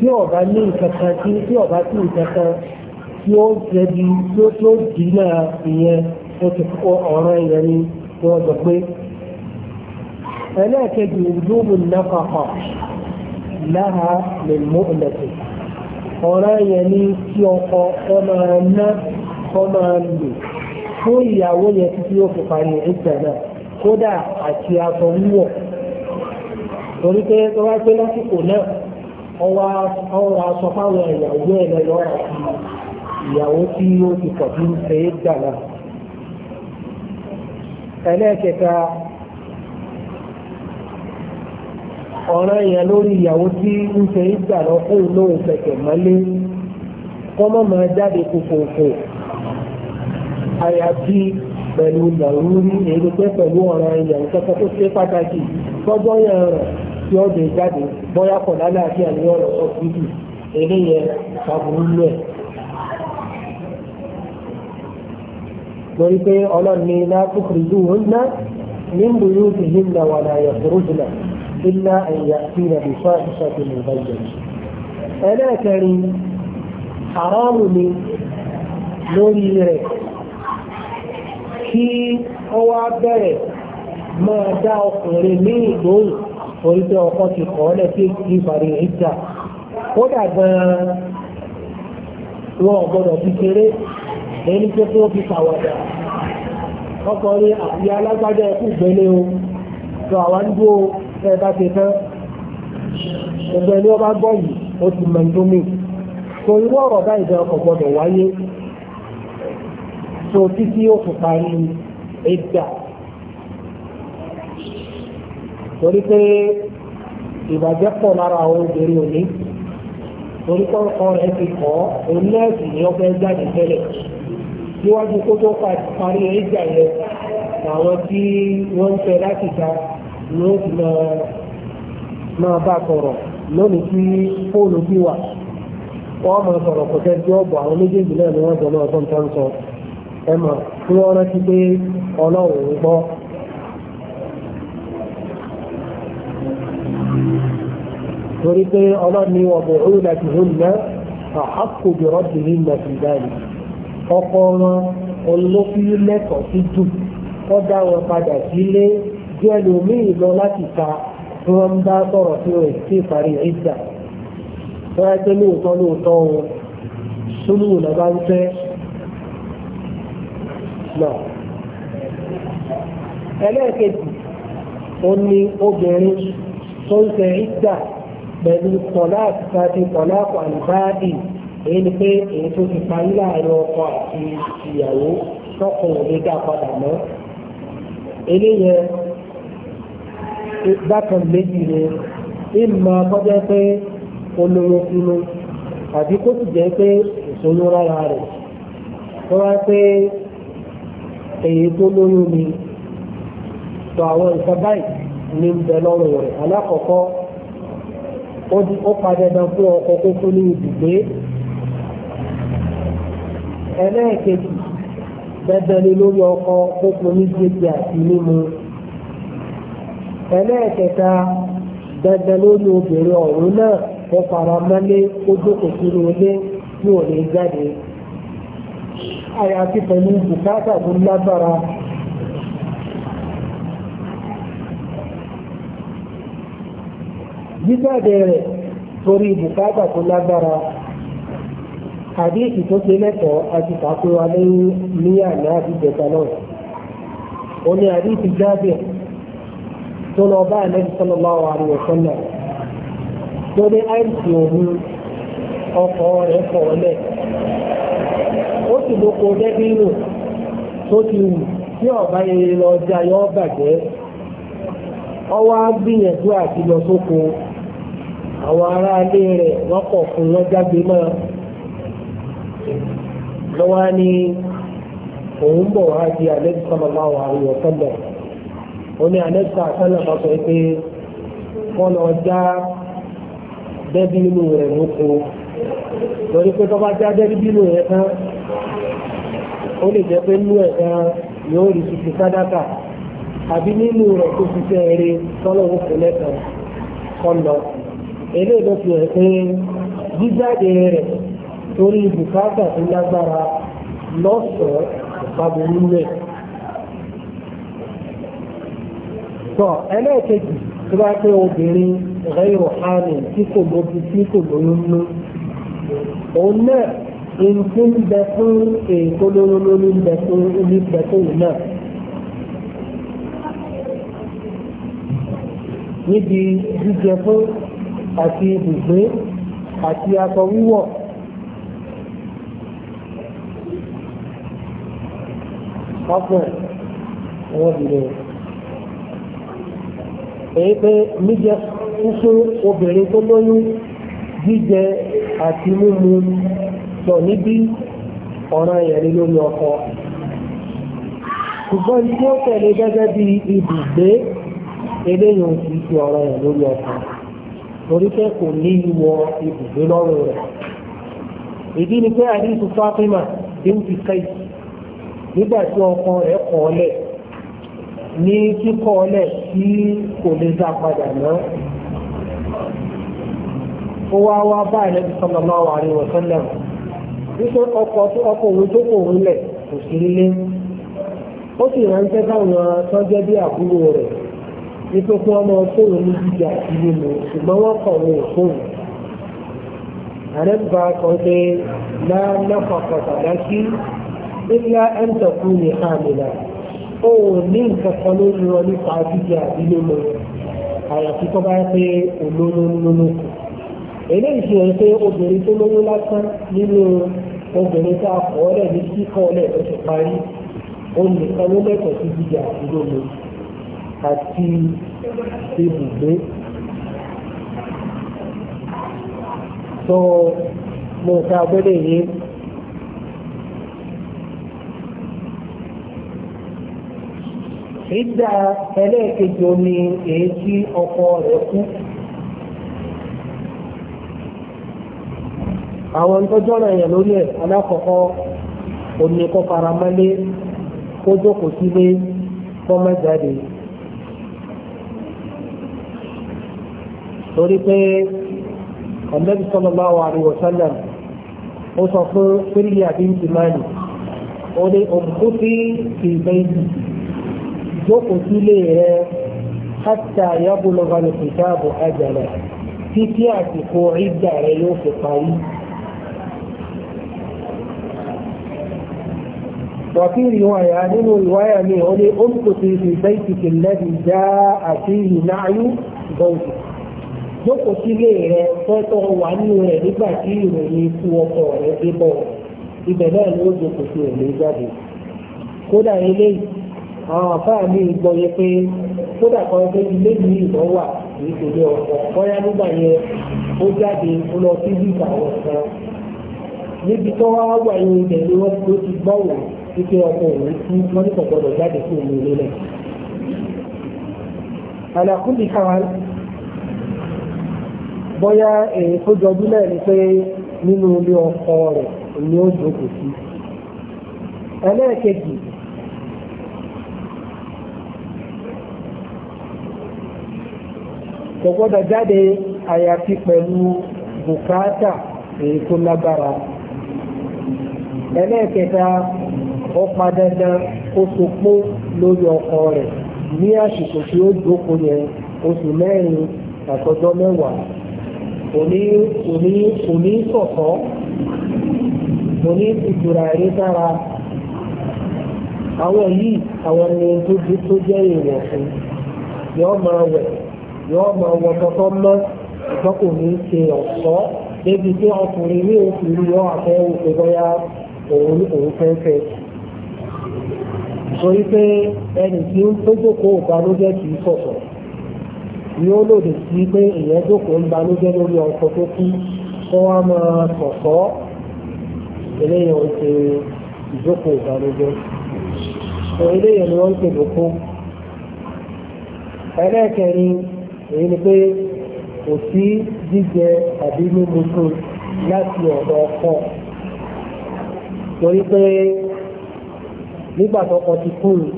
tí ọba ní ìkankan tí tí ọba tí ìkankan tí ó jẹbi tí ó tí ó dínà ìyẹn ó ti kó ọ̀rọ̀ ìyẹn ní wọ́n sọ pé ẹlẹ́ẹ̀kejì ìdúró nàkàkà láha lè mú ìlẹ̀kùn ọ̀rọ̀ ìyẹn ní kí ọkọ ọ máa ná ọ máa lò fún ìyàwó yẹn títí ó fi parí ìjà náà kódà àti aṣọ wíwọ̀ torí pé wọ́n wá gbé lásìkò náà Ọwa aṣọ fáwọn ìyàwó ẹ̀ lọ́wọ́ àti ìyàwó tí ó ti pọ̀ tí ń ṣe é dàgbà. ẹlẹ́ẹ̀kẹta ọ̀ràn yẹn lórí ìyàwó tí ń ṣe dàgbà fún lóun fẹsẹ̀ mọ́lé kọ́mọ́ máa jáde kòkòkò àyàfi pẹ̀lú ìyàwó rí èrè pẹ́ pẹ̀lú ọ̀ràn ìyàwó tí ó lè jáde bóyá kò lálàáfíà ní ọ̀rọ̀ ọ̀gbìnì eléyẹ ṣàbùrú lú ẹ̀. lórí pé ọlọ́run ní iná kúkúrú ju òun ná níbo yóò ti yí ńlá wà láyà kúrú jùlọ ilá ẹ̀yà tí ìrìn àbíṣọ́ àìṣọ́ ti lè bá jẹ. ẹlẹ́ẹ̀kẹrin àrọ́ọ̀mù ni lórí rẹ̀ kí ó wá máa dá ọkùnrin ní ìgbóhùn torí pé ọkọ ti kọ́ ọ́ lẹ́sí kí parí ìjà kódà gan-an wọn gbọdọ̀ fi ṣeré ẹni pé kí wọ́n fi ṣàwàdà ọkọ ní àyà alágbájá ẹkú gbélé o tó àwọn dúró ẹ bá ṣe tán gbogbo ẹni ọba gbọ́ yìí ó ti mọ ìdómi tó irú ọ̀rọ̀ báyìí gan ọkọ̀ gbọdọ̀ wáyé tó títí ó fi parí ìjà torí pé ìbàjẹ́ pọ̀ lára àwọn obìnrin òní torí pé ọkọ rẹ̀ ti kọ́ onẹ́ẹ̀sì ni ọgbẹ́ jáde tẹ́lẹ̀ síwájú kó tó parí ẹ̀jà yẹn àwọn tí wọ́n ń fẹ́ láti ta ni ó ti máa bá sọ̀rọ̀ lónìí tí fóònù bí wà wọ́n máa sọ̀rọ̀ kò tẹ́ tí ó bọ̀ àwọn méjèèjì náà ni wọ́n jọ náà tó ń tán sọ ẹ mọ̀ tí wọ́n rántí pé ọlọ́run ń gbọ́ torí pé ọlọ́ni ọ̀bọ̀ òwúlẹ̀ ti hùn náà àhàkù bí rọ́bì ní màtìdáàlì ọkọ wọn olókìí lẹ́kọ̀ọ́ sí jù kọ́ dá wọn padà sílé jẹ́ lómìn lọ láti ta tí wọ́n ń bá sọ̀rọ̀ pẹ̀lú tọ́láàtì káàtì tọ́láàtì àlùbáàdì èyí ni pé èyí tó ti parí láàrin ọkọ àti ìyàwó tọkọ òde dá padà mọ́. eléyẹ bákan méjì ni ìmọ̀ akọ́jọ́ pé olóró fúnnu àbí kó sì jẹ́ pé ìṣòro rárá rẹ̀ ó padà dán fún ọkọ̀ kókó ní ibùgbé ẹlẹ́ẹ̀kejì dandan ni lórí ọkọ̀ kókó ní jíjẹ àti mímu ẹlẹ́ẹ̀kẹta dandan lórí obìnrin ọ̀run náà ó fara mọ́lé ó jókòó sínú ilé tí ò ní jáde àyàfi pẹ̀lú bùkátà tó lágbára jíjáde rẹ̀ torí bùkátà tó lágbára àdéhìí tó ṣe lẹ́kọ̀ọ́ àti wa lẹ́yìn ní àná àti ìjẹta náà ó ní àdéhìí jáde tó lọ bá àlẹ́bí sallallahu alaihi tó ní àìsí òun ọkọ̀ rẹ̀ kọ̀ ó sì dẹ́bí nù tó ti wù tí ọ̀bá yẹn lọ jayọ́ bàjẹ́ ọwọ́ á gbìyànjú àti lọ sóko. àwọn ará ilé rẹ̀ wọ́n kọ̀ fún wọn jágbe mọ́ ha ni òun bọ̀ wá di àlẹ́bí sọ́mọ́lá wà ayọ̀ sọ́lẹ̀ ó ní àlẹ́bí sọ́mọ́lá kan sọ pé wọ́n lọ dẹ́bí inú rẹ̀ lóko lórí pé tó já dẹ́bí inú rẹ̀ tán ó lè jẹ́ pé ẹ̀ rí sádàkà àbí nínú rẹ̀ tó kò lẹ́tọ̀ọ́ eléyìí ló fi hàn pé jíjáde rẹ̀ torí bùkátà tó lágbára lọ́sọ̀ọ́ ìpàbùrú rẹ̀. sọ ẹlẹ́ẹ̀kejì tó bá pé obìnrin غير حامل tí kò lóbi tí kò lóyún ní òun náà nǹkan ń bẹ fún èkó lólólórí ń bẹ fún omi bẹ fún òun náà. níbi jíjẹ fún àti ibùgbé àti aṣọ wíwọ̀ ọ̀pọ̀ wọ́n bìrẹ̀ èyí pé níjẹ fún obìnrin tó lóyún jíjẹ àti mímu lọ níbí ọ̀ràn ẹ̀rí lórí ọkọ ṣùgbọ́n tí ó tẹ̀lé gẹ́gẹ́ bí ibùgbé eléyìí ti fi ọ̀ràn ẹ̀ lórí ọkọ torí pé kò ní ìwọ ibùgbé lọ́rùn rẹ̀ ìdí ni pé àdìsù Fátímà bíntì Kays nígbà tí ọkọ rẹ̀ kọ̀ ọ́ lẹ̀ ní kíkọ̀ ọ́ lẹ̀ tí kò lè dá padà náà ó wá wá bá ẹ̀lẹ́bí sallallahu alaihi wa sallam wípé ọkọ̀ tí ọkọ̀ òun tó kò ń lẹ̀ kò sí nílé ó sì ránṣẹ́ sáwọn tọ́jẹ́ bí àbúrò rẹ̀ nítorí kí wọ́n máa fóònù ní jíjà àti mímu ṣùgbọ́n wọ́n kọ̀ wọ́n fóònù. àrẹ́bùbá kan pé máa náfà pàtàkì ilá ẹ̀ńtọ̀kù ní àmìlà ó ní nǹkan kan lórí wọn nípa jíjà àti mímu àyàfi tó bá pé olóyún lónìí kù. eléyìí fi hàn obìnrin tó lóyún lásán nínú obìnrin tá a ní kíkọ́ ọ́ lẹ̀ lọ́sẹ̀ parí ó nìkan ló lẹ́tọ̀ọ́ sí jíjà àti mímu àti ibùgbé. tó mo ta gbélé yìí. ìdá ẹlẹ́ẹ̀kejì omi èyí tí ọkọ rẹ̀ kú. àwọn tọ́jọ́ náà yẹn lórí ẹ̀ alákọ̀ọ́kọ́ omi kọ́ faramọ́lé kó jókòó sílé kọ́ torí pé ọ̀nẹ́bí sallallahu alaihi wa sallam ó sọ fún fíríyà bíntì máàlì ó ní òmùkútí fi bẹ́ẹ̀dì jókòó sílé rẹ̀ hátà yablugha al-kitabu ajalahu títí àsìkò ìgbà rẹ̀ yóò fi parí. وفي رواية عن رواية من هنا أمكثي في بيتك الذي جاء فيه نعي زوجك jókòó sílé rẹ tọ́tọ́ wà nínú rẹ nígbà tí ìròyìn ikú ọkọ rẹ dé bọ̀ ibẹ̀ náà ni ó jókòó sí òní jáde kódà eléyìí àwọn àfáà mi gbọ́ yẹ pé kódà kan pé ilé yìí ìlọ́ wà kìí kò ọkọ̀ nígbà yẹn ó jáde ó lọ sí àwọn kan níbi tó wá wà ní ni wọ́n bóyá èyí tó jọjú náà ni pé nínú ilé ọkọ rẹ̀ ni ó jókòó sí. ẹlẹ́ẹ̀kejì kò gbọ́dọ̀ jáde àyàfi pẹ̀lú bùkátà èyí tó lágbára. ẹlẹ́ẹ̀kẹta ó pa dandan ó sopó lórí ọkọ rẹ̀ ní àsìkò tí ó jókòó yẹn oṣù mẹ́rin àtọjọ́ mẹ́wàá òní òní òní sọ̀tọ̀ òní ìtura ẹ̀rí sára àwọn yìí àwọn ni tó di tó jẹ́ ìwọ̀ fún yọ́ máa wẹ̀ yọ́ máa wọ tọ́tọ́ mọ́ ìtọ́kù ní ṣe ọ̀ṣọ́ débi tí ọkùnrin ní oṣù rí yọ àfẹ́ òṣè bọ́yá òun òun fẹ́fẹ́ sọ wípé ẹnì tí ó jókòó ìbànújẹ́ kì sọ̀tọ̀ ni ó lòdì sí pé èèyàn jókòó ń banújẹ́ lórí ọkọ tó kú kó wá máa kọ̀kọ́ eléyìí ò ṣe ìjókòó ìbànújẹ́ tó eléyìí ni wọ́n ń pèbò fún. ẹlẹ́ẹ̀kẹrin èyí ni pé kò sí jíjẹ àbí mímu fún láti ọ̀dọ̀ ọkọ torí pé nígbà tó kọ ti kúrò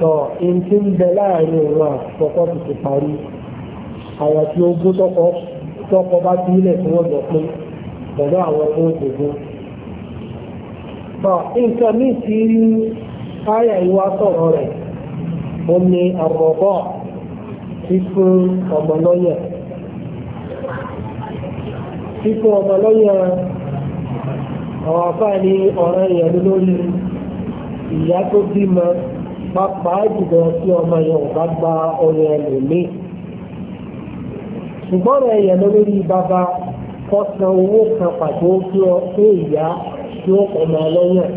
tọ ẹni tí ń bẹ láàrin òun àtọkọ ti ti parí àwọn tí ogún tọkọ tọkọ bá ti ilẹ̀ tí wọ́n jọ pé pẹ̀lú àwọn tó ń gbogbo. nǹkan míì tí táyà ìwà sọ̀rọ̀ rẹ̀ ó ní àrọ̀bọ̀ fífún ọmọlọ́yẹ̀ fífún ọmọlọ́yẹ̀ àwọn afáàní ọ̀ràn ìyẹn lórí ìyá tó bímọ pàápàá jùlọ tí ọmọ yẹn ò bá gba ọyàn ẹlòmíì ṣùgbọ́n ọ̀rọ̀ ẹ̀yẹ lórí bàbá kọ́sán owó kan pàtó kí ọ pé ìyá tí ó ọmọ ọlọ́yàn.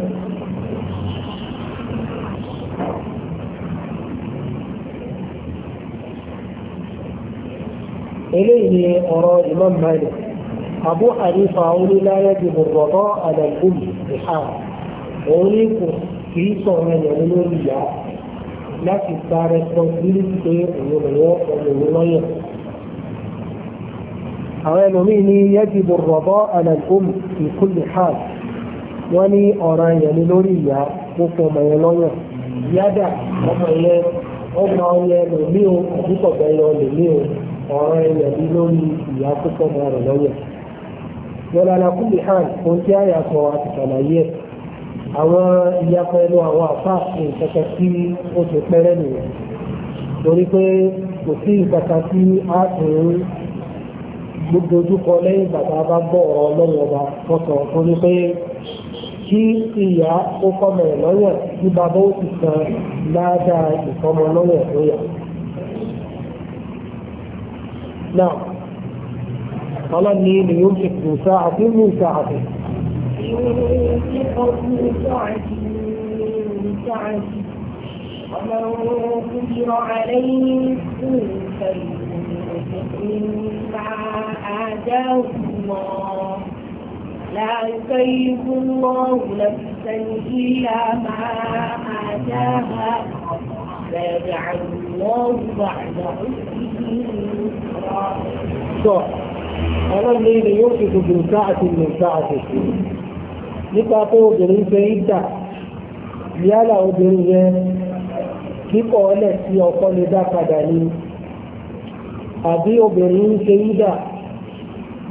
eléyìí ni ọ̀rọ̀ Imam Malik Abu Hanifa oníláyà di bọ̀bọ̀bọ̀ àdàgbòmù ìhà òun láti gba responsibility pé òun lòwọ́ òun lọ́yẹ̀. àwọn ẹlòmíín ní yẹ́jì bò rọ̀bọ́ àlàkùn ìkúlẹ̀ hàn wọ́n ní ọ̀ràn yẹn ní lórí ìyá gbogbo ọmọ yẹn lọ́yẹ̀. yádà ọmọ yẹn ọmọ yẹn lòmí o àdúgbò bẹ́ẹ̀ yọ lòmí o ọ̀ràn yẹn ní lórí ìyá gbogbo ọmọ rẹ̀ lọ́yẹ̀. wọ́n lọ́la kúlẹ̀ hàn ohun tí àyà sọ àti sàlàyé àwọn ìyapọ̀ ẹnu àwọn àfa ìkẹ̀kẹ́ tí ó ti pẹ́rẹ́ nìyẹn torí pé kò sí tí a tún dojúkọ lẹ́yìn bàbá bá gbọ́ ọ̀rọ̀ ọlọ́run ọba tọ́tọ̀ pé kí ìyá ó kọ́mọ ẹ̀ lọ́yẹ̀ tí bàbá ó ti san lọ́yẹ̀ tó Náà, ọlọ́ni ni yóò àti mú àti. ينفق ذو سعة من سعته ومن قدر عليه السوء فلينفق مما آتاه الله لا يكلف الله نفسا إلا ما آتاها سيجعل الله بعد عسره يسرا. Ọlọ́run ní ilé yóò fi gbogbo sáà ti lè sáà ti sí. nípa pé obìnrin fẹ́ ìdà yálà obìnrin yẹn kíkọ̀ ọlẹ̀ ọkọ lè dá padà ni àbí obìnrin ń ṣe ìdà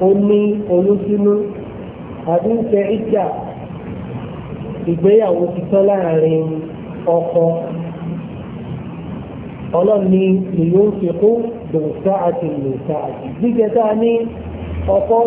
ó ní olúsínú àbí ń ṣe ìdà ìgbéyàwó ti láàrin ọkọ ọlọ́ni ìlú ń fi kú lòsá àti lòsá àti jíjẹ ní fáwọn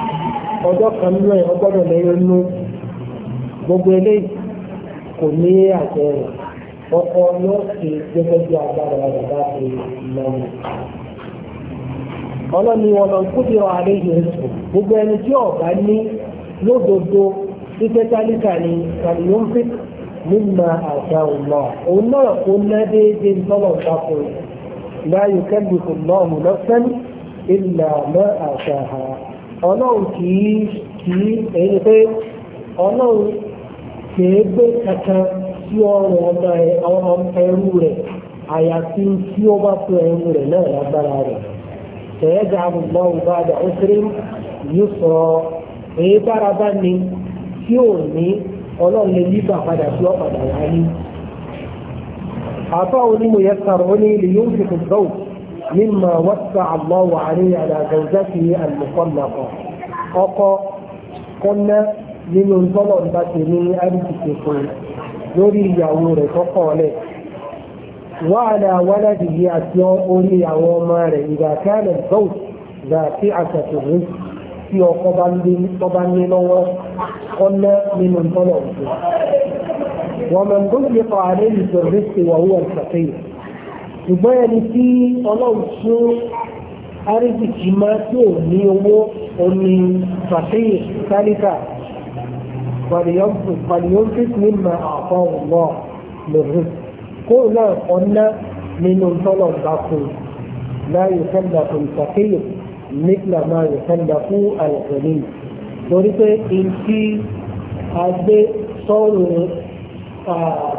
ọjọ́ kan nínú ẹ̀ ọgbọ́dọ̀ lẹ́yìn nú gbogbo eléyìí kò ní àjẹ rẹ̀ ọkọ yóò ṣe gẹ́gẹ́ bí agbára rẹ̀ bá ṣe lọ́wọ́. ọlọ́ni wọn lọ kúbi ọ àlẹ́ yìí sùn gbogbo ẹni tí ọ̀gá ní lódodo títẹ́ tálíkà ni tàbí yóò ń ọ̀nà òun náà kò ná déédéé lọ́wọ́ ìtàkùn rẹ̀ láyò kẹ́lifù náà mú lọ́sẹ́ni ìlànà àṣà àṣà ọlọ́run kì í kì í ẹni pé ọlọ́run kì í gbé kankan sí ọrùn ọmọ ẹrú rẹ̀ àyàfi tí ó bá fún ẹrú rẹ̀ náà lágbára rẹ̀ tẹ̀yẹ́dà àbùgbọ́n ọba àdà òṣèré yóò sọ èyí bára bá ní tí ò ní ọlọ́run lè yípa padà sí ọ̀padà wáyé. àbá onímọ̀ yẹn sàrọ̀ ní ilé yóò fi kò gbọ́wọ́. مما وسع الله عليه على زوجته المطلقة أقا قلنا من طلع باتني أرجك كل lórí ìyàwó rẹ̀ tọ́kọ̀ lẹ̀ وعلى ولده àti orí ìyàwó ọmọ rẹ̀ إذا كان الزوج ذا سعة الرزق tí ọkọ bá ní lọ́wọ́ ọ̀nà nínú tọ́lọ̀ ومن ضيق عليه في الرزق وهو الفقير ṣùgbọ́n ẹni tí ọlọ́run tún àrísìkí máa tí ò ní owó omi fàṣíyè sálíkà pàdéyọ́nfíìsì ní ma àpọ̀ ọ̀gbọ́ lòrùn kó náà ọ̀nà nínú tọ́lọ̀ bá kún láyé sẹ́ńdà fún fàṣíyè nígbà máa yẹ sẹ́ńdà fún àìsàn torí pé ìtì agbé sọ́ọ̀rù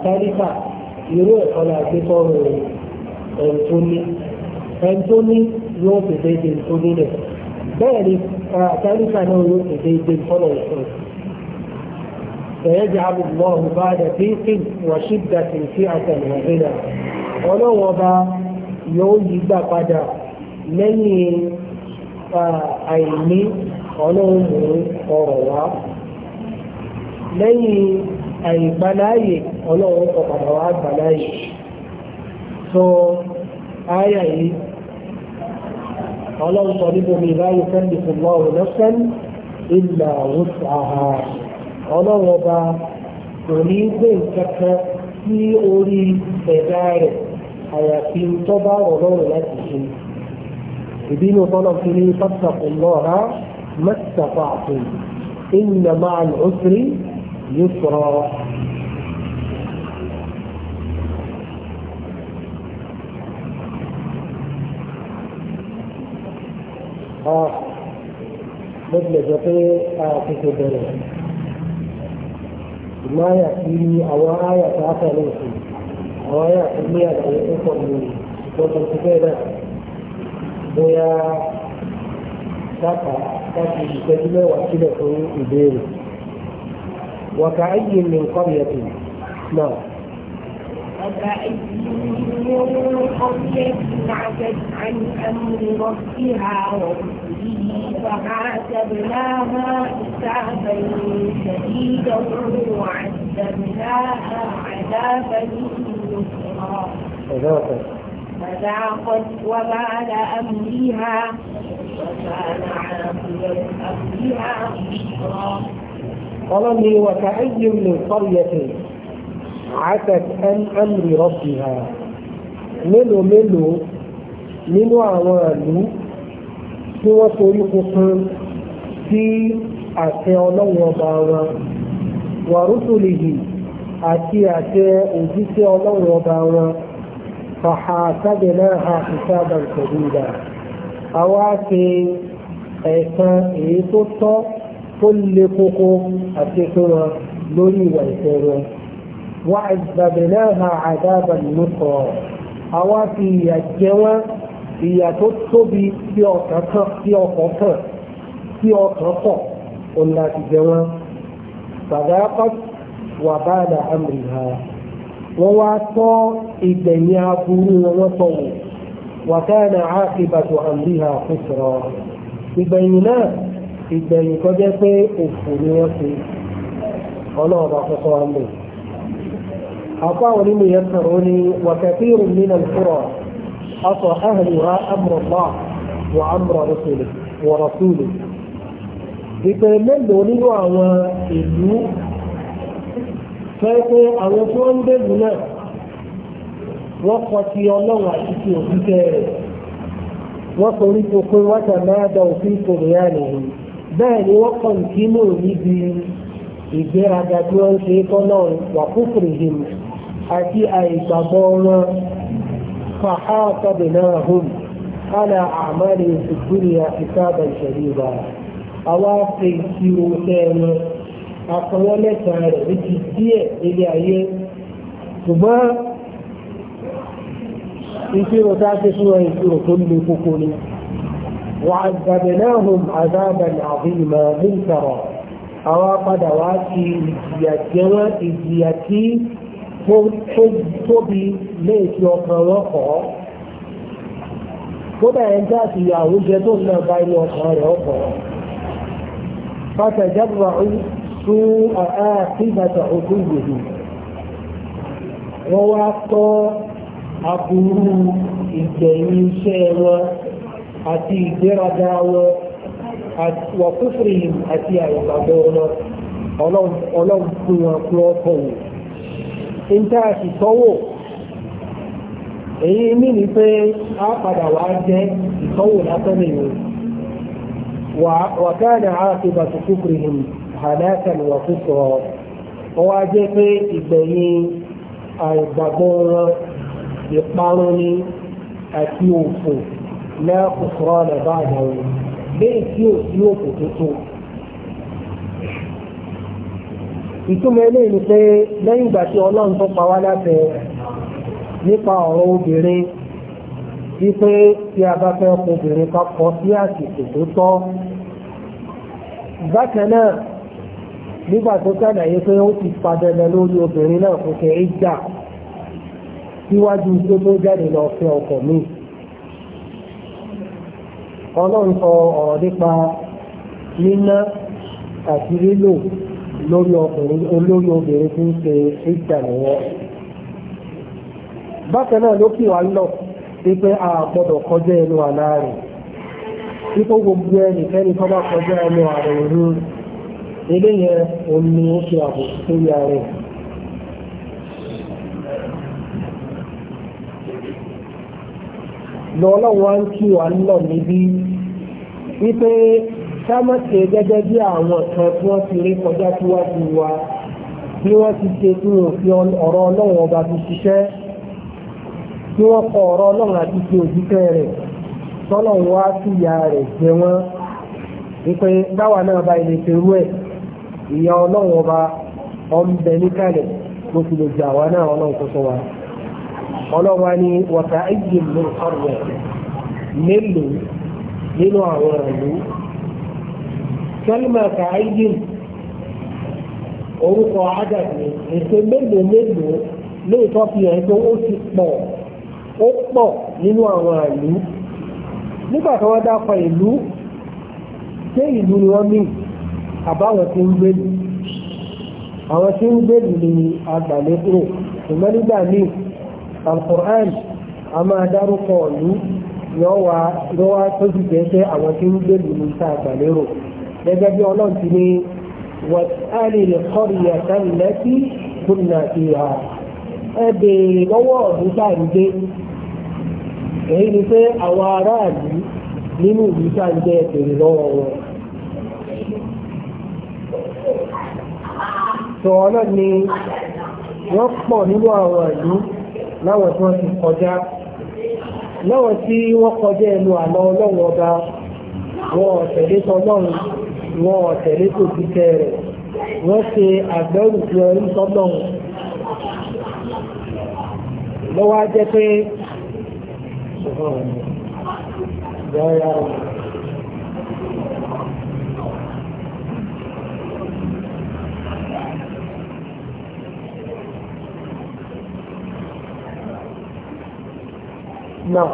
tálíkà irú ẹ̀kọ́ la gbé sọ́ọ̀rù rẹ̀ ẹ̀ńtó ní ẹ̀ńtó ní yóò fi déédé tó ní rẹ̀ bẹ́ẹ̀ ni àtàríkà náà yóò fi déédé fọ́nà ìfọ̀n سيجعل الله بعد ضيق وشدة فئة وغنى ọlọ́wọ́ ọba yóò yí gbà padà lẹ́yìn àìní ọlọ́run mú ọ̀rọ̀ wá lẹ́yìn àìgbàláyè ọlọ́run kọ̀ padà wá gbàláyè. sọ áyà yìí ọlọ́run sọ níbo mi láyé fẹ́mi fún lọ́rùn lọ́sẹ̀n ìlà òwúsù àhà ọlọ́run ọba kò ní gbé nǹkan sí orí ẹ̀dá rẹ̀ àyàfi tó bá ọlọ́run láti ṣe ìbínú tọ́lọ̀ fi ní fásitì lọ́ra mẹ́tàfà àtúnyìn ìnàmà àlùsírí yóò sọ̀rọ̀ bó tilẹ̀ jẹ́ pé àtúntò bẹ̀rẹ̀ ìmọ̀ àyà tí àwọn àyà tó á tẹ̀lé sí àwọn àyà tó ní àgbáyé tó pọ̀ ní gbọ́dọ̀ tó bẹ́ẹ̀ náà bóyá sáfà láti ìṣẹ́jú mẹ́wàá sílẹ̀ fún ìbéèrè wàkà ayé mi nǹkan yẹn tó náà. أفأتي من قرية عجت عن أمر ربها ورسله فعاتبناها حسابا شديدا وعذبناها عذابا نكرا فذاقت وبال أمرها وكان عاقبة أمرها بشرا قال لي وكأي من قرية عتت عن أمر ربها mélòó mélòó nínú àwọn ìlú tí wọ́n torí kunkun sí àṣẹ ọlọ́run ọba wọn wàrúsùlìhì àti àṣẹ òjíṣẹ́ ọlọ́run ọba wọn fàhà sábẹ̀lá ha ìsáàbà ìṣẹ̀dúdà àwa ṣe ẹ̀sán èyí tó tọ́ tó le koko àti fún wọn lórí ìwà ìfẹ́ wọn. وعذبناها عذابا نصرا أوافي يجوى ìyà tó tóbi tí ọkàn kàn tí ọkàn kàn tí ọkàn pọ̀ òun láti jẹ wọn. Bàdáàkọ́ wà báàdà àmìlá. Wọ́n wá tọ́ ìgbẹ̀yìn aburú wọn wọ́n tọ̀ wò. Wàtáàdà àkìbàtò àmìlá kò Ìgbẹ̀yìn náà ìgbẹ̀yìn kọjá pé òfò ni wọ́n ṣe. Ọlọ́run àkọ́kọ́ àmì. عطاء لم يسرني وكثير من القرى عصى أهلها أمر الله وأمر رسوله ورسوله ìpẹ̀lẹ́lò nínú àwọn ìlú fẹ́ pé àwọn tó ń bẹ̀rù náà wọ́n kọ ti ọlọ́run àti ti òṣìṣẹ́ rẹ̀ wọ́n torí tó pé wọ́n tà máa da òfin kòrìyà nìyí bẹ́ẹ̀ ni wọ́n kọ̀ nìkínú níbi ìgbéraga tí wọ́n ń ṣe tọ́lọ́run wà fún kìrìhìmù àti àìgbàgbọ́ wọn fàáfà bìnà hùn ala àmàlẹ̀ ìsìnkúrì ìsáàbà ìṣẹ̀lẹ̀bà àwa ṣe ìṣirò sẹ́ẹ̀nu àfọwọ́lẹ́sàn rẹ̀ méjì díẹ̀ ilé ayé ṣùgbọ́n ìṣirò tá a ṣe fún wọn ìṣirò tó le koko ni وعذبناهم عذابا عظيما منكرا أو قد واتي إذياتي tóbi léèkì ọkàn lọ́kọ̀ọ́ kódà ẹ̀ ń dá sí àwùjẹ tó ń náà bá ilé ọkàn rẹ̀ ọkọ̀ fàtẹ̀jábùrà sú àkíbàtà òkú gbòdì wọ́n wá tọ́ aburú ìgbẹ̀yìn iṣẹ́ wọn àti ìgbéraga wọn wà kúfìrì àti àyàgbàgbọ́ wọn ọlọ́run fún wọn kú ọkọ̀ wò ń tá a sì tọ́wò èyí mí ni pé a padà wá jẹ́ ìtọ́wò lásán nìyẹn wàkánà àtìbà tukukurihim halakan wà fúsọ ọ wá jẹ́ pé ìgbẹ̀yìn àìgbàgbọ́ ìparun ni àti òfò lẹ́kùnkùn rọ̀lẹ̀ bá àdáwò léè tí ò sí òfò tuntun. ìtumọ̀ eléyìí ni pé lẹ́yìn ìgbà tí ọlọ́run tó pa wá láṣẹ nípa ọ̀rọ̀ obìnrin wípé tí a bá fẹ́ ọkọ̀ obìnrin kan kọ sí àsìkò tó tọ́ bákan náà nígbà tó sàlàyé pé ó ti padàdà lórí obìnrin náà kò kẹ́ ẹ́ gbà síwájú tó tó jáde lọ fẹ́ ọkọ mi ọlọ́run sọ ọ̀rọ̀ nípa níná àti lílò lórí ọkùnrin olórí obìnrin tí ń ṣe ìjà nìyẹn. bákan náà ló kì wá lọ wípé a gbọ́dọ̀ kọjá ẹnu àná rẹ̀ wípé gbogbo tó bá kọjá ẹnu àná rẹ̀ eléyẹn òun ó ṣe àbòsí sórí lọ́lọ́wọ́ ń kí lọ níbí ká má ṣe gẹ́gẹ́ bí àwọn kan tí wọ́n ti rí kọjá síwájú wa bí wọ́n ti ṣe tí wọ́n fi ọ̀rọ̀ ọlọ́run ọba ṣiṣẹ́ wọ́n kọ ọ̀rọ̀ ọlọ́run àti òjíṣẹ́ rẹ̀ wá sí ìyá rẹ̀ jẹ wọ́n wípé báwa náà ọba níkàlẹ̀ lè jà wá náà ọlọ́run kó ọlọ́run wa ni ẹ̀jẹ̀ ló ń sálmà kàáyìn orúkọ ádàbí a mélòó mélòó lóòótọ́ fi hàn pé ó ti pọ̀ ó pọ̀ nínú àwọn àlú nígbà tí wọ́n dápa ìlú ni wọ́n mí àbáwọn tí ń gbèlú àwọn tí ń a gẹ́gẹ́ bí ọlọ́run ti ní wàtálìlì kọ́rìyà tánilẹ́tì kùnà ìhà ẹ béèrè lọ́wọ́ ọ̀dún tá èyí ni pé àwọn aráàlú nínú ìlú tá ẹ lọ́wọ́ wọn. ni wọ́n pọ̀ nínú àwọn ìlú láwọn tí wọ́n ti kọjá láwọn tí wọ́n kọjá ẹnu àlọ́ ọlọ́run wọn ọ̀tẹ̀lé tó ti tẹ́ rẹ̀ wọ́n ṣe àgbẹ̀rù tí ọ ń lọ́wọ́ jẹ́ pé Now.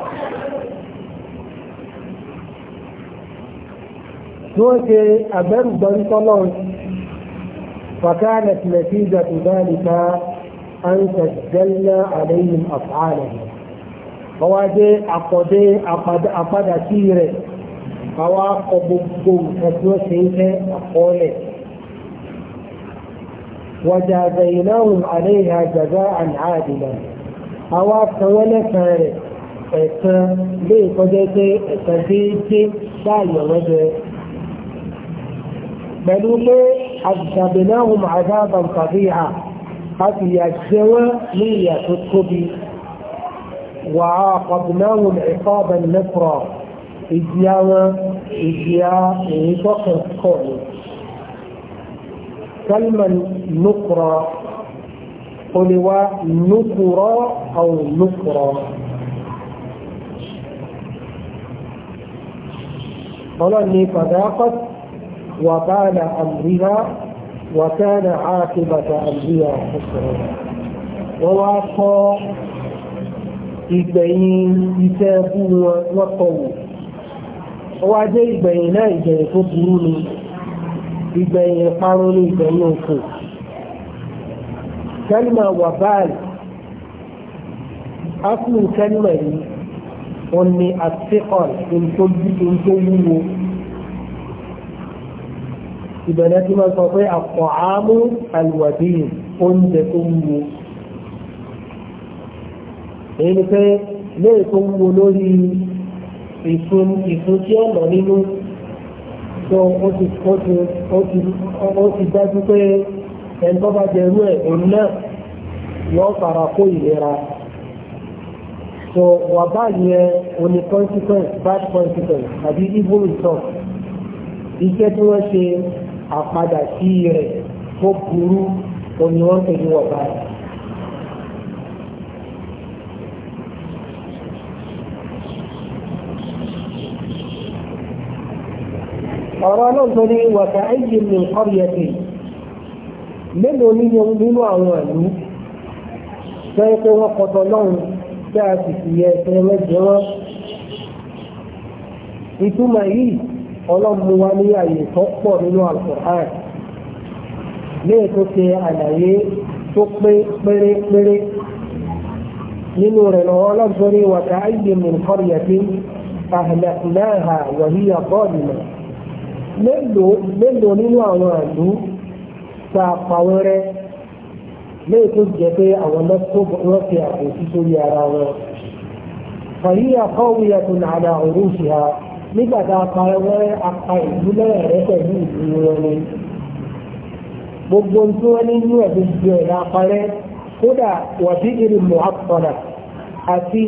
tí wọ́n ṣe àbẹ́rùgbọ́n فكانت نتيجة ذلك أن تجلى عليهم أفعالهم فواجه أقضي أقضى أقضى أسيرة فوا قبوبكم فتوى سيئة أقولي وجازيناهم عليها جزاء عادلا أوا سوال فارس ليه قضيتي تزيد سالي وجهي بلوطو عذبناهم عذابا فظيعا قد يجزوا مية تكب وعاقبناهم عقابا نفرا إذ ياما إذ ياما كلمة نقرا قل هو أو نقرا قال إني فذاقت وبال أمرها وكان عاقبة أمرها خسرا ووافق ìgbẹ̀yìn iṣẹ́ fún wọn kọ̀wò ọwá jẹ́ ìgbẹ̀yìn náà ìgbẹ̀yìn tó burú ni ìgbẹ̀yìn ẹ̀parun ní ìgbẹ̀yìn òkò kẹ́lìmà wà báyìí ápùlù kẹ́lìmà yìí wọ́n ni àtìkọ̀l ní tó wúwo ìbẹ̀rẹ̀ tí wọ́n sọ pé àpọ̀ àmú àlùwàdí oúnjẹ tó ń mu èyí ni pé léè tó ń mu lórí ìfun ìfun tí ó lọ nínú tó ó ti ó ti ó ti ó ti dájú pé ẹni tó ẹ̀ òun náà yóò fara kó ìlera so wà báyìí ẹ oní consequence bad consequence àbí evil result iṣẹ́ tí wọ́n ṣe àpadà sí rẹ̀ tó burú òní wọ́n pè ní na rẹ̀. ọ̀rọ̀ náà tó ní wàtà ẹ̀yìn ní ọ̀rẹ́tì mélòó nínú nínú àwọn ìlú tó yẹ pé wọ́n kọ́tọ̀ lọ́rùn tí a sì fi yẹ ẹsẹ̀ ọlọ́run wa ní àyè tó pọ̀ nínú Al-Qur'an ní ètò ṣe àlàyé tó pé pérépéré nínú rẹ̀ lọ ọlọ́run ní wa ka'ayyin min qaryatin ahlaknaha wa hiya zalimah mélòó nínú àwọn àlú ta pàwẹ́rẹ́ léyìí tó jẹ́ pé àwọn lọ́sọ̀rọ̀ fi sórí ara wọn. fa hiya qawiyatun ala urushiha nígbà tá a pa ẹwẹ́ apá ìlú lẹ́rẹ̀ẹ́ pẹ̀lú ìlú wọn ni gbogbo tí wọ́n ní inú ẹ̀dùn ju ẹ̀dá apárẹ́ kódà wàbí irin muhammadu àti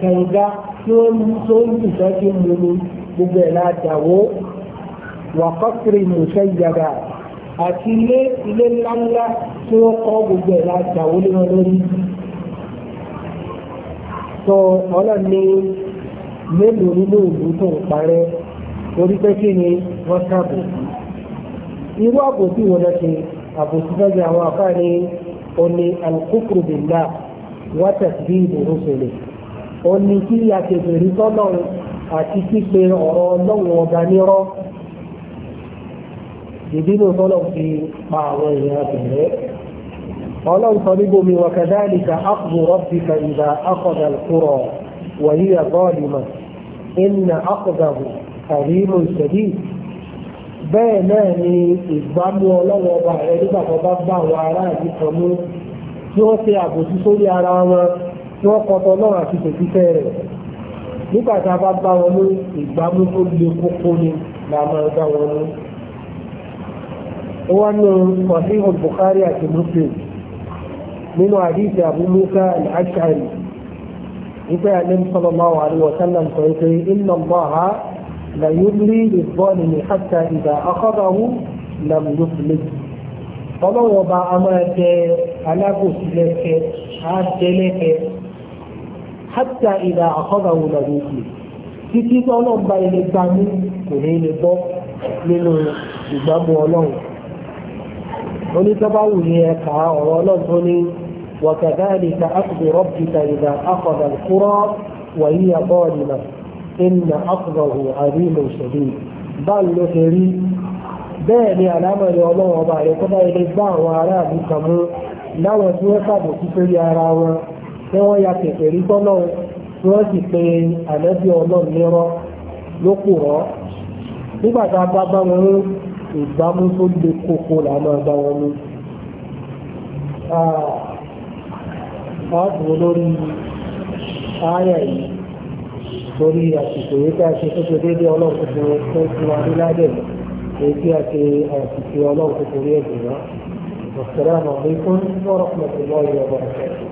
kànga tí wọ́n ń tó ń tìṣẹ́ sí mu ni gbogbo ẹ̀dá àdàwó wà kọ́kiri mùsẹ́ yàrá àti ilé ilé ńláńlá tí wọ́n kọ́ gbogbo ẹ̀dá àdàwó lé wọn lórí. tó ọlọ́ni mélòó nínú ìlú tó ń parẹ́ torí pé kí ni wọ́n ṣàbò sí. irú àbòsí wọn lọ ṣe àbòsí fẹ́ẹ́ àwọn afáàní oní alukókòrò bìlá wọ́tà sí ìdòrò sọ̀rọ̀ oní kí akẹ́kẹ̀rí tọ́lọ́run àti pípe ọ̀rọ̀ ọlọ́run ọba nírọ́ ìdínú tọ́lọ̀ fi pa àwọn èèyàn bẹ̀rẹ̀ ọlọ́run sọ níbomi wọ̀kẹ́dáàlì ka ápùrọ̀ bí ka ìdá akọ̀dà kúrọ̀. وهي ظالمة إن عقده أليم شديد bẹ́ẹ̀ náà ni ìgbàmú ọlọ́wọ́ ọba rẹ̀ nígbà tó bá bá àwọn ará ìlú kan mú tí wọ́n ṣe àbòsí sórí ara wọn tí wọ́n kọtọ náà àti tòkítẹ́ rẹ̀ nígbà tá a bá bá wọn mú ìgbàmú tó le kókó ni la máa bá wọn mú. wọ́n nu Sahih Bukhari àti Muslim nínú àdìsí Abu Musa al-Ash'ari ìpè àlẹ́ sallallahu alaihi wa sallam sọ pé inna Allaha la yumli lidh-dhalimi hatta idha akhadhahu lam yuflih. ọlọ́wọ́ bá a máa jẹ alábòsí lẹ́kẹ́ á jẹ lẹ́kẹ́ hatta idha akhadhahu lam yuflih. títí ọlọ́ọ̀bá ilé kò ní ilé bọ́ nínú ìgbàgbọ́ ọlọ́run. onítọ́ bá wù ọ̀rọ̀ ọlọ́run tó ní وكذلك أخذ ربك إذا أخذ القرى وهي ظالمة إن أخذه عليم شديد بل نتري بẹ́ẹ̀ni àlámọ̀ ni ọlọ́run ọba rẹ̀ tó bá ilé gbá àwọn aráàlú kan mú láwọn tí wọ́n sàbò sí sórí ya pe nígbà tá a bá bá wọn ìgbámú tó le koko làwọn wọn ààbò lórí ààyà yìí lórí àsìkò yìí tí a ṣe tó ṣe déédéé ọlọ́run tuntun tó ti wà ní ládẹ̀ èyí tí a ṣe àsìkò ọlọ́run tuntun rí ẹ̀jẹ̀ náà. Assalamu alaikum wa rahmatullahi wa barakatuh.